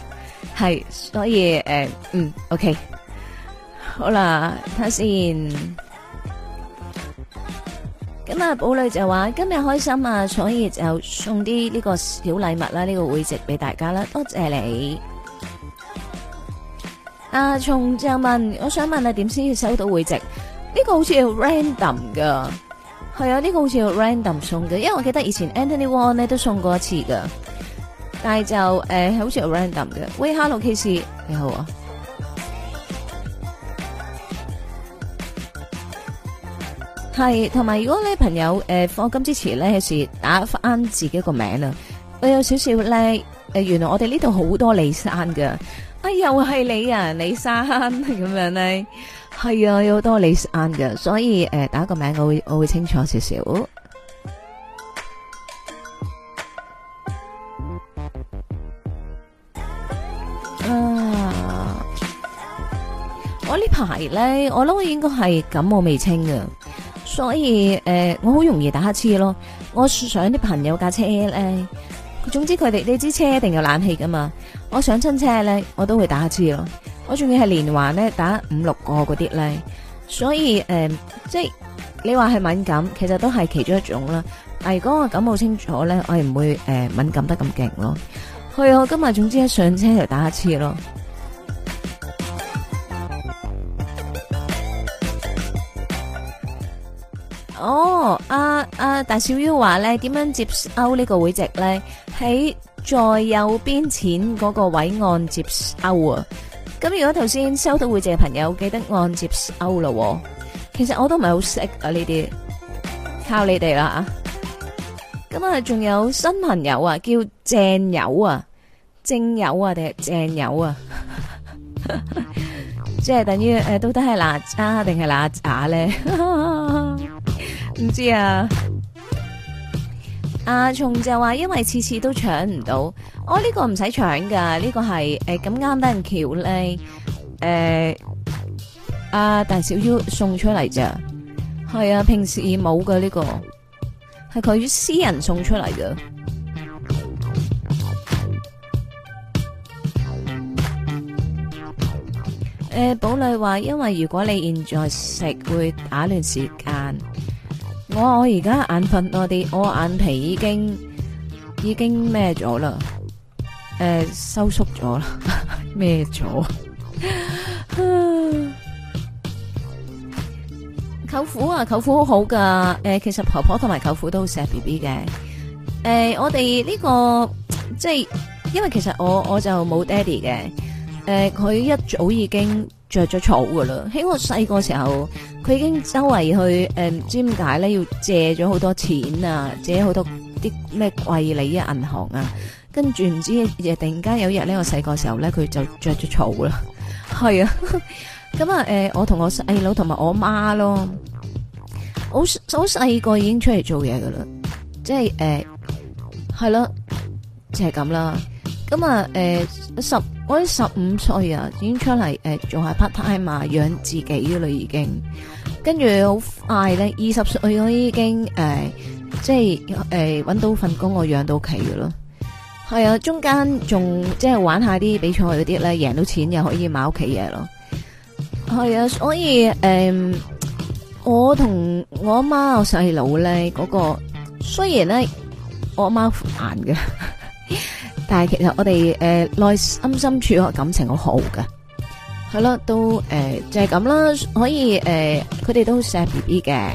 係所以誒，嗯，OK，好啦，睇先。咁啊，寶、嗯、女就話今日開心啊，所以就送啲呢個小禮物啦，呢、這個會籍俾大家啦，多謝你。啊，松就問，我想問你點先要收到會籍？呢、這個好似要 random 噶，係啊，呢、這個好似要 random 送嘅，因為我記得以前 Anthony Wong 咧都送過一次噶，但係就誒、呃、好似 random 嘅。喂，Hello，K C，你好啊。係，同埋如果你朋友誒，放、呃、金之前咧有時打翻自己個名啊，我有少少咧誒，原來我哋呢度好多李生嘅。哎，又係你啊李生咁樣咧，係啊有好多李生嘅，所以誒、呃、打個名我會我會清楚少少。啊，我呢排咧，我諗應該係感冒未清啊。所以誒、呃，我好容易打乞嗤咯。我上啲朋友架車咧，總之佢哋你支車一定有冷氣噶嘛。我上親車咧，我都會打乞嗤咯。我仲要係連環咧，打五六個嗰啲咧。所以誒、呃，即係你話係敏感，其實都係其中一種啦。但如果我感冒清楚咧，我係唔會誒、呃、敏感得咁勁咯。係我今日總之一上車就打乞嗤咯。哦，啊，啊，大少 U 話咧，點樣接收呢個會籍咧？喺在，在右邊前嗰個位按接收啊！咁如果頭先收到會籍嘅朋友，記得按接收喎、啊。其實我都唔係好識啊呢啲，靠你哋啦啊！咁啊，仲有新朋友啊，叫鄭友啊，鄭友啊定係鄭友啊？友啊 即係等於誒，到底係哪吒定係哪吒咧？ 唔知啊，阿、啊、松就話因為次次都搶唔到，我、哦、呢、這個唔使搶噶，呢、這個係誒咁啱得人喬咧誒阿大小 U 送出嚟咋，係啊，平時冇嘅呢個係佢私人送出嚟嘅。誒、呃，寶女話因為如果你現在食會打亂時間。我我而家眼瞓多啲，我眼皮已經已經咩咗啦，誒、呃、收縮咗啦，咩咗？ 舅父啊，舅父好好噶，誒、呃、其實婆婆同埋舅父都好錫 B B 嘅，誒、呃、我哋呢、這個即係因為其實我我就冇爹 y 嘅，誒、呃、佢一早已經。着咗草噶啦！喺我細個時候，佢已經周圍去誒，唔、嗯、知點解咧，要借咗好多錢啊，借好多啲咩貴利啊，銀行啊，跟住唔知突然間有日咧，我細個時候咧，佢就着咗草啦。係啊，咁啊，誒、嗯，我同我細佬同埋我媽咯，好好細個已經出嚟做嘢噶啦，即係誒，係、嗯、咯，就係咁啦。咁啊，誒、嗯嗯、十我喺十五歲啊，已經出嚟誒、嗯、做下 part time 嘛，養自己噶啦已經。跟住好快咧，二十歲我已經誒、嗯，即係誒搵到份工，我養到屋企噶咯。係、嗯、啊，中間仲即係玩下啲比賽嗰啲咧，贏到錢又可以買屋企嘢咯。係、嗯、啊，所以誒、嗯，我同我阿媽我細佬咧嗰個，雖然咧我阿媽煩嘅。 但係其實我哋誒，內心深處嘅感情好好嘅，係咯，都誒、呃、就係、是、咁啦，可以誒佢哋都好錫 B B 嘅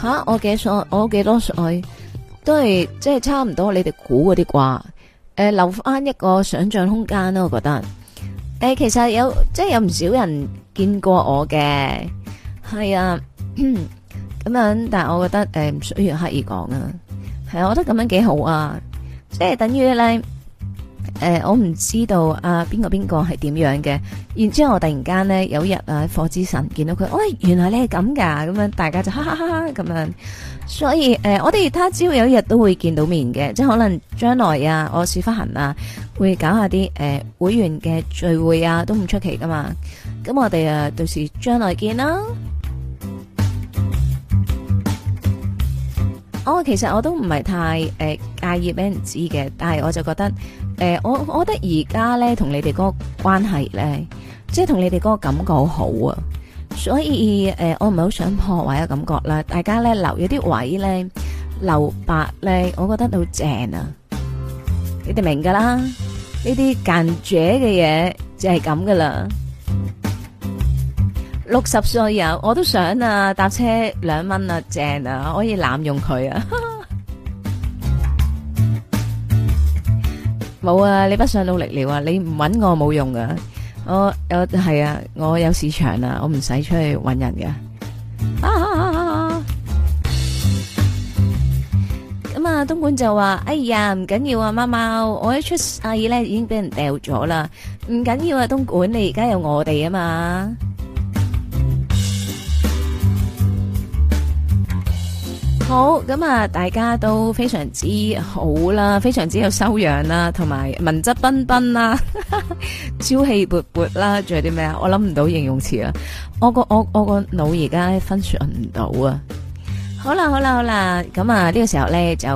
吓。我幾歲？我幾多歲？都係即係差唔多你哋估嗰啲啩？誒、呃、留翻一個想象空間啦。我覺得。但、呃、其實有即係有唔少人見過我嘅，係啊。咁樣，但係我覺得誒唔、呃、需要刻意講啊，係啊，我覺得咁樣幾好啊，即係等於咧，誒、呃，我唔知道啊邊個邊個係點樣嘅，然之後我突然間咧有一日啊，火之神見到佢，喂、哎，原來你係咁噶，咁樣大家就哈哈哈哈咁樣，所以誒、呃，我哋他朝有一日都會見到面嘅，即係可能將來啊，我屎忽痕啊，會搞下啲誒、呃、會員嘅聚會啊，都唔出奇噶嘛，咁我哋啊，到時將來見啦。我、oh，其實我都唔係太誒、呃、介意俾人知嘅，但係我就覺得誒、呃，我我覺得而家咧同你哋嗰個關係咧，即係同你哋嗰個感覺好啊，所以誒、呃，我唔係好想破壞嘅感覺啦。大家咧留咗啲位咧留白咧，我覺得都好正啊。你哋明噶啦，呢啲間者嘅嘢就係咁噶啦。六十歲啊！我都想啊，搭車兩蚊啊，正啊，可以濫用佢啊！冇啊，你不想努力了啊？你唔搵我冇用噶，我我係啊，我有市場啊，我唔使出去搵人㗎。啊！咁啊，東莞就話：哎呀，唔緊要啊，貓貓，我一出啊二咧已經俾人掉咗啦，唔緊要啊，東莞，你而家有我哋啊嘛。好咁啊！大家都非常之好啦，非常之有修養啦，同埋文質彬彬啦，朝氣勃勃啦，仲有啲咩啊？我諗唔到形容詞啊！我個我我個腦而家分享唔到啊！好啦好啦好啦，咁啊呢個時候咧就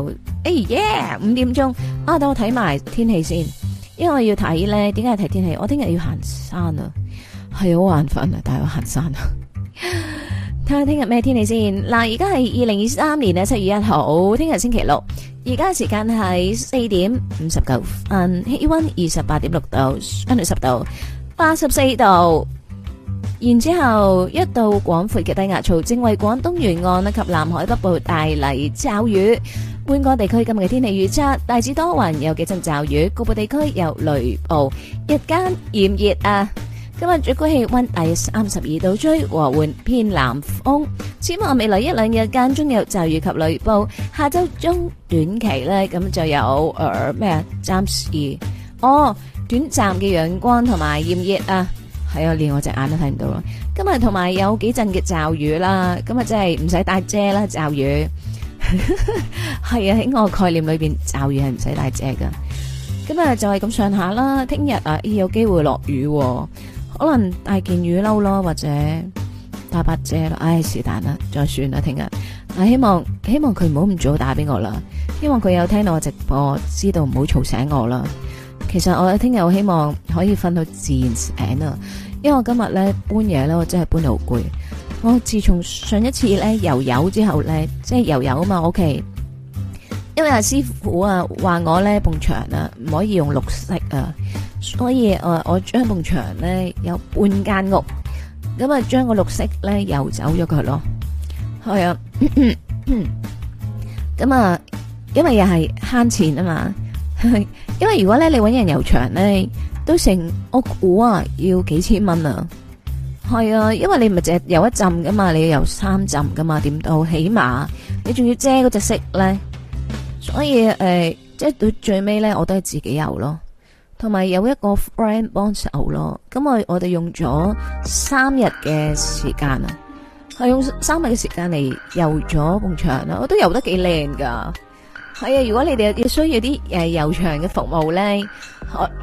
誒耶五點鐘啊！等我睇埋天氣先，因為我要睇咧，點解要睇天氣？我聽日要行山啊，係好眼瞓啊，但係要行山啊。 睇下聽日咩天氣先。嗱，而家係二零二三年嘅七月一號，聽日星期六。而家時間係四點五十九。嗯，氣溫二十八點六度，相對濕度八十四度。然之後，一道廣闊嘅低壓槽正為廣東沿岸啦及南海北部帶嚟驟雨。本港地區今日嘅天氣預測大致多雲，有幾陣驟雨，局部地區有雷暴。日間炎熱啊！今日最高氣溫大約三十二度追，吹和緩偏南風。展望未來一兩日間中有驟雨及雷暴。下周中短期咧，咁就有誒咩啊？暫、呃、時哦，短暫嘅陽光同埋炎熱啊，係、哎、 啊，連我隻眼都睇唔到咯。今日同埋有幾陣嘅驟雨啦。今日真係唔使帶遮啦，驟雨係啊喺我概念裏邊，驟雨係唔使帶遮噶。今日就係咁上下啦。聽日啊，哎、有機會落雨，啊。可能帶件雨褸咯，或者帶把遮咯。唉，是但啦，再算啦，聽日。希望希望佢唔好咁早打俾我啦。希望佢有聽到我直播，知道唔好嘈醒我啦。其實我聽日我希望可以瞓到自然醒啊。因為我今日咧搬嘢咯，我真係搬到好攰。我自從上一次咧游友之後咧，即係游友啊嘛。O K。因為阿師傅啊，話我咧，埲牆啊，唔可以用綠色啊，所以我我將埲牆咧有半間屋咁啊，將、嗯、個綠色咧游走咗佢咯。係、嗯、啊、咁、嗯、啊、嗯嗯嗯嗯嗯嗯，因為又係慳錢啊嘛。 因為如果咧你搵人游牆咧，都成屋估啊，要幾千蚊啊。係、嗯、啊、嗯，因為你唔係淨係游一浸噶嘛，你要游三浸噶嘛，點都起碼你仲要遮嗰隻色咧。所以誒，即係到最尾咧，我都係自己游咯，同埋有一個 friend 幫手咯。咁我我哋用咗三日嘅時間啊，係用三日嘅時間嚟游咗半場啊，我都游得幾靚㗎。係啊，如果你哋要需要啲誒游場嘅服務咧，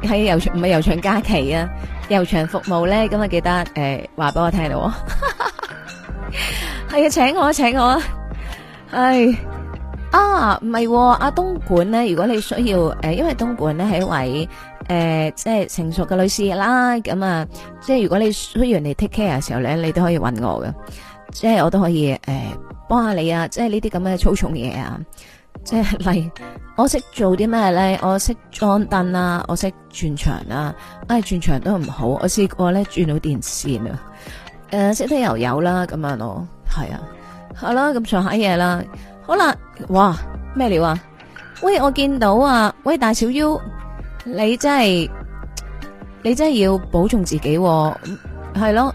喺游場唔係游場假期啊，游場服務咧，咁啊記得誒話俾我聽咯。係啊，請我，請我，唉。係啊。啊，唔係，啊，東莞咧，如果你需要，誒、呃，因為東莞咧係一位，誒、呃，即係成熟嘅女士啦，咁啊，即係如果你需要人哋 take care 嘅時候咧，你都可以搵我嘅，即係我都可以，誒、呃，幫下你啊，即係呢啲咁嘅粗重嘢啊，即係嚟，我識做啲咩咧？我識裝燈啊，我識轉牆啊。啊、哎，轉牆都唔好，我試過咧轉到電線啊，誒、啊，識得油油啦，咁樣咯，係啊，好、啊、啦，咁上下嘢啦。好啦，哇咩料啊？喂，我見到啊，喂，大小 U，你真係你真係要保重自己、啊，係咯。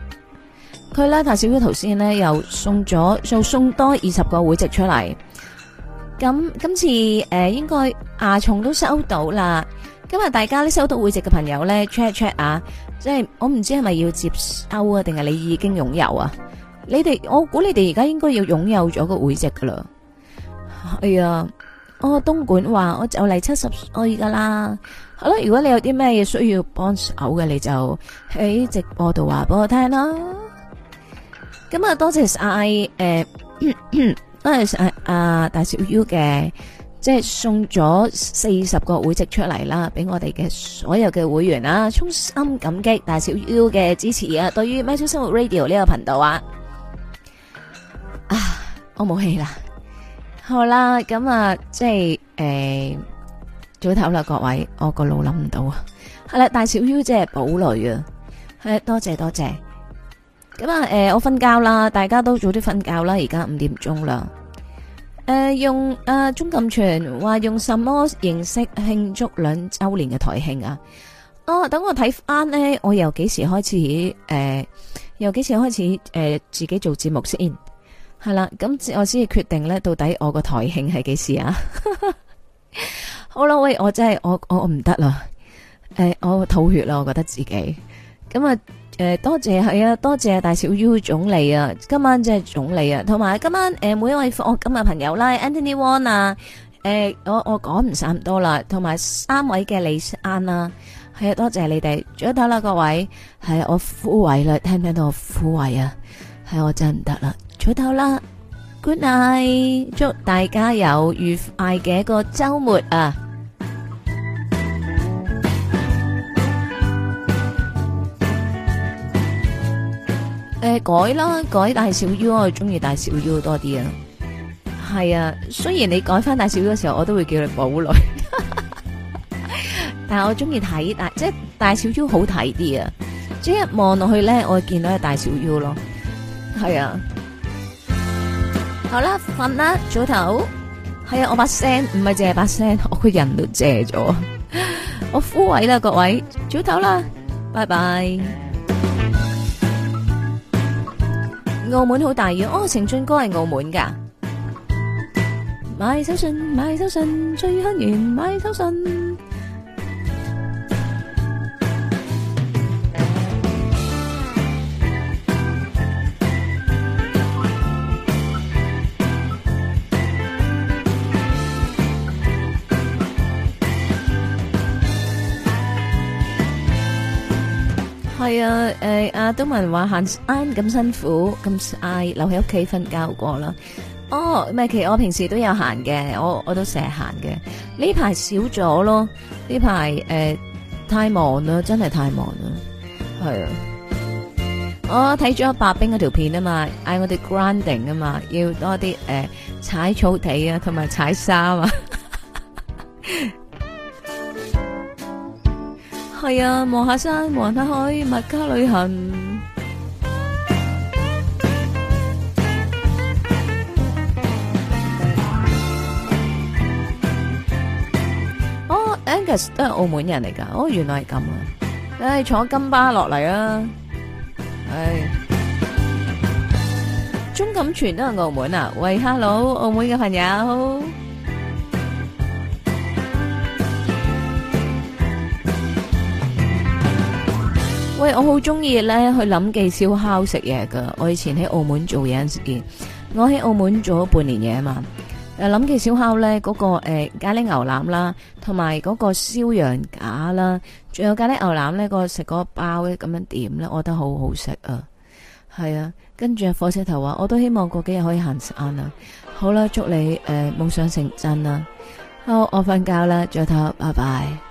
佢咧大小 U 頭先咧，又送咗送多二十個會籍出嚟。咁今次誒、呃，應該阿松都收到啦。今日大家咧收到會籍嘅朋友咧，check check 啊，即係我唔知係咪要接收啊，定係你已經擁有啊？你哋我估你哋而家應該要擁有咗個會籍噶啦。係啊、哎，我東莞話我就嚟七十歲噶啦，好啦，如果你有啲咩嘢需要幫手嘅，你就喺直播度話俾我聽啦。咁啊，多謝晒，誒，多謝晒阿大小 U 嘅，即、就、係、是、送咗四十個會籍出嚟啦，俾我哋嘅所有嘅會員啦、啊，衷心感激大小 U 嘅支持啊！對於《喵式生活 Radio》呢個頻道啊，啊，我冇氣啦。好啦，咁啊，即係誒、呃，早唞啦，各位，我個腦諗唔到啊。係 啦，大小 U 即係寶女啊，係多謝多謝。咁啊，誒、呃，我瞓覺啦，大家都早啲瞓覺啦，而家五點鐘啦。誒、呃，用誒鍾錦泉話用什麼形式慶祝兩周年嘅台慶啊？哦、啊，等我睇翻呢，我由幾時開始？誒、呃，由幾時開始？誒、呃，自己做節目先。係啦，咁我先要決定咧，到底我個台慶係幾時啊？ 好啦，喂，我真係我我唔得啦，誒，我吐、哎、血啦，我覺得自己咁啊，誒、呃，多謝係啊，多謝大小 U 總理啊，今晚即係總理啊，同埋今晚誒、呃、每一位我今日朋友啦，Anthony Wong 啊，誒、呃，我我講唔晒咁多啦，同埋三位嘅李生啊，係啊，多謝你哋，唔該得啦，各位，係、啊、我枯萎啦，聽唔聽到我枯萎啊？係、啊、我真係唔得啦。早唞啦，good night！祝大家有愉快嘅一個周末啊！誒、嗯，改啦，改大小 U 我中意大小 U 多啲啊。係啊，雖然你改翻大小 U 嘅時候，我都會叫你寶女 但，但係我中意睇，但即係大小 U 好睇啲啊！即一望落去咧，我會見到係大小 U 咯，係啊。好啦，瞓啦，早唞，係啊，我把聲唔係借，係把聲，我個人都借咗，我枯萎啦，各位，早唞啦，拜拜。澳門好大雨，哦，成俊哥係澳門噶。買手信，買手信，最慳錢，買手信。係、哎、啊，誒，阿東文話行山咁辛苦咁，嗌留喺屋企瞓覺過啦。哦，咪其實我平時都有行嘅，我我都成日行嘅。呢排少咗咯，呢排誒太忙啦，真係太忙啦。係啊，我睇咗阿白冰嗰條片啊嘛，嗌我哋 grinding 啊嘛，要多啲誒、呃、踩草地啊，同埋踩沙啊。 係啊，望下山，望下海，物咖旅行。哦、oh，Angus 都係澳門人嚟噶。哦、oh，原來係咁啊！唉、哎，坐金巴落嚟啊。唉、哎，鍾錦全都係澳門啊，喂，Hello，澳門嘅朋友。喂，我好中意咧去諗記燒烤食嘢噶。我以前喺澳門做嘢嗰陣時見，我喺澳門做咗半年嘢啊嘛。誒，諗記燒烤咧嗰個誒、欸、咖喱牛腩啦，同埋嗰個燒羊架啦，仲有咖喱牛腩咧、嗰個食嗰包咧咁樣點咧，我覺得好好食啊。係啊，跟住火車頭話，我都希望過幾日可以行山啊。好啦，祝你誒夢、欸、想成真啦。好，我瞓覺啦，早唞，拜拜。